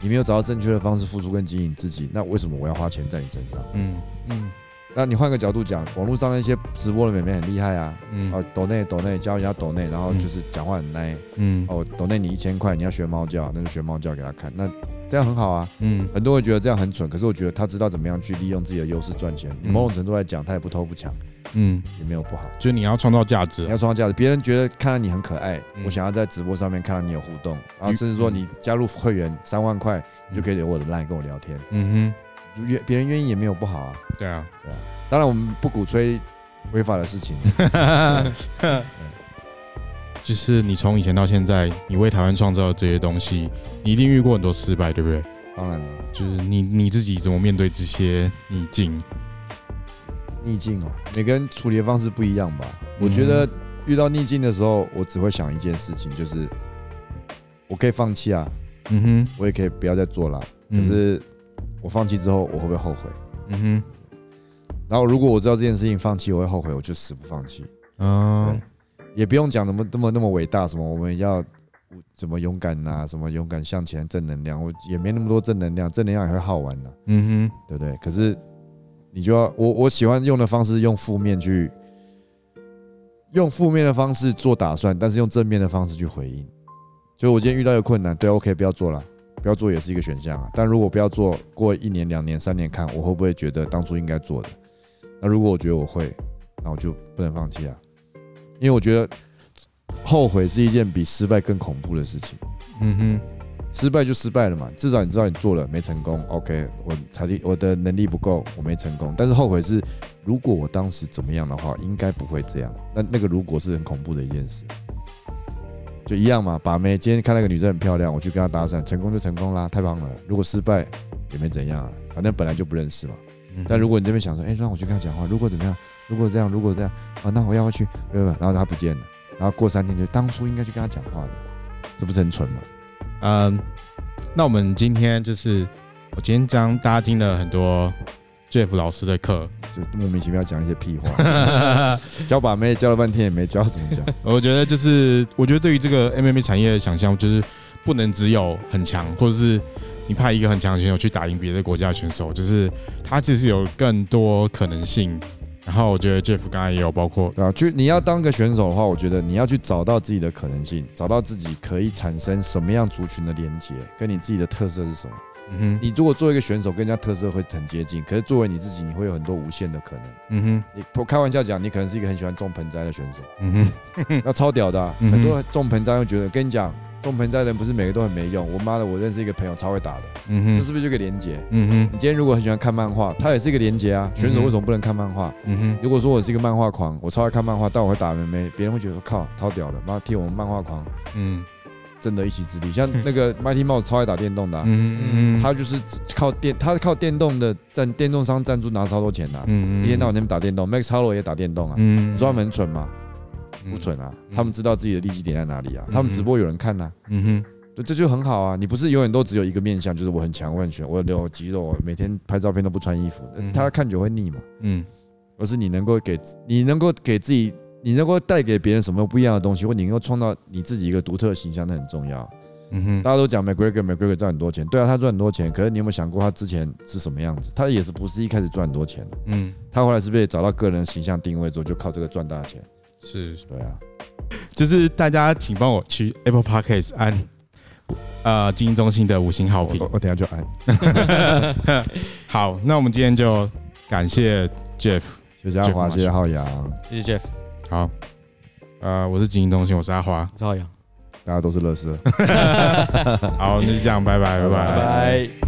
你沒有找到正確的方式付出跟經營自己，那為什麼我要花錢在你身上？嗯嗯，那你換個角度講，網絡上那些直播的妹妹很厲害啊，嗯，啊抖內抖內教人家抖內，然後就是講話很奶，嗯哦，抖內你一千塊你要學貓叫，那就學貓叫給他看那。這樣很好啊，嗯，很多人覺得這樣很蠢，可是我覺得他知道怎麼樣去利用自己的優勢賺錢，嗯。某種程度來講，他也不偷不搶，嗯，也沒有不好。就你要創造價值、哦、值，你要創造價值，別人覺得看到你很可愛、嗯，我想要在直播上面看到你有互動，然後甚至說你加入會員三萬塊就可以留我的 line 跟我聊天，嗯，嗯哼，願別人願意也沒有不好啊。對啊，對啊，當然我們不鼓吹違法的事情。 [laughs] [laughs] 就是你從以前到現在，你為台灣創造的這些東西，你一定遇過很多失敗，對不對？當然了，就是你你自己怎麼面對這些逆境，逆境哦、啊，每個人處理的方式不一樣吧、嗯。我覺得遇到逆境的時候，我只會想一件事情，就是我可以放棄啊，嗯哼，我也可以不要再做啦。可、嗯就是我放棄之後，我會不會後悔？嗯哼。然後如果我知道這件事情放棄我會後悔，我就死不放棄。嗯。也不用講怎麼這麼那麼偉大什麼，我們要怎麼勇敢吶、啊？什麼勇敢向前，正能量，我也沒那麼多正能量，正能量也會耗完的、啊。嗯哼，對不對？可是你就要我，我喜歡用的方式，用負面去，用負面的方式做打算，但是用正面的方式去回應。就我今天遇到一個困難，對，OK，不要做了，不要做也是一個選項啊。但如果不要做，過一年、兩年、三年看，我會不會覺得當初應該做的？那如果我覺得我會，那我就不能放棄啊。因為我覺得後悔是一件比失敗更恐怖的事情。嗯哼，失敗就失敗了嘛，至少你知道你做了沒成功。OK，我才力我的能力不夠，我沒成功。但是後悔是，如果我當時怎麼樣的話，應該不會這樣。那那個如果是很恐怖的一件事，就一樣嘛。把妹，今天看那個女生很漂亮，我去跟她搭訕，成功就成功啦，太棒了。如果失敗也沒怎樣啊，反正本來就不認識嘛。但如果你這邊想說，哎、欸，讓我去跟她講話，如果怎麼樣？如果這樣，如果這樣啊，那我要回去，對吧，然後他不見了，然後過三天就當初應該去跟他講話的，這不是很蠢嗎？嗯，那我們今天就是我今天將大家聽了很多 Jeff 老師的課，就莫名其妙講一些屁話， [laughs] 教把妹教了半天也沒教怎麼講。 [laughs] 我覺得就是，我覺得對於這個 MMA 產業的想象，就是不能只有很強，或者是你派一個很強的選手去打贏別的國家的選手，就是他其實有更多可能性。然後我覺得 Jeff 剛才也有包括啊，就你要當個選手的話，我覺得你要去找到自己的可能性，找到自己可以產生什麼樣族群的連接，跟你自己的特色是什麼。你如果做一個選手，跟人家特色會很接近。可是作為你自己，你會有很多無限的可能。嗯哼，你我開玩笑講，你可能是一個很喜歡種盆栽的選手。嗯哼，那超屌的啊，很多種盆栽又覺得，跟你講，種盆栽的人不是每個都很沒用。我媽的，我認識一個朋友超會打的。嗯哼，這是不是一個連結？嗯哼，你今天如果很喜歡看漫畫，它也是一個連結啊。選手為什麼不能看漫畫？嗯哼，如果說我是一個漫畫狂，我超愛看漫畫，但我會打 MMA，別人會覺得說靠，超屌的，媽替我們漫畫狂。嗯。真的一己之力，像那個 Mighty 帽子超愛打電動的、啊，他就是靠電，他是靠電動的贊，電動商贊助拿超多錢的，嗯嗯，天天那邊打電動，Max Hollow 也打電動啊，專門蠢嗎？不蠢啊，他們知道自己的利益點在哪裡啊，他們直播有人看吶，嗯哼，這這就很好啊，你不是永遠都只有一個面相，就是我很強，我很炫，我有肌肉，每天拍照片都不穿衣服，他看久會膩嘛，嗯，而是你能夠給，你能夠給自己。你能夠帶給別人什麼不一樣的東西，或你能夠創造你自己一個獨特形象，那很重要。嗯哼，大家都講 McGregor，McGregor 賺很多錢，對啊，他賺很多錢，可是你有沒有想過他之前是什麼樣子？他也是不是一開始賺很多錢？嗯，他後來是不是也找到個人形象定位之後，就靠這個賺大錢？是，對啊。就是大家請幫我去 Apple Podcast 按，呃，經營中心的五星好評。我等下就按。 [laughs] [laughs] 好，那我們今天就感謝 Jeff，謝謝阿華，謝謝浩洋，謝謝 Jeff。好，呃，我是錦行通信，我是阿華，照樣，大家都是垃圾，好，那就這樣， [laughs] 拜拜，拜拜。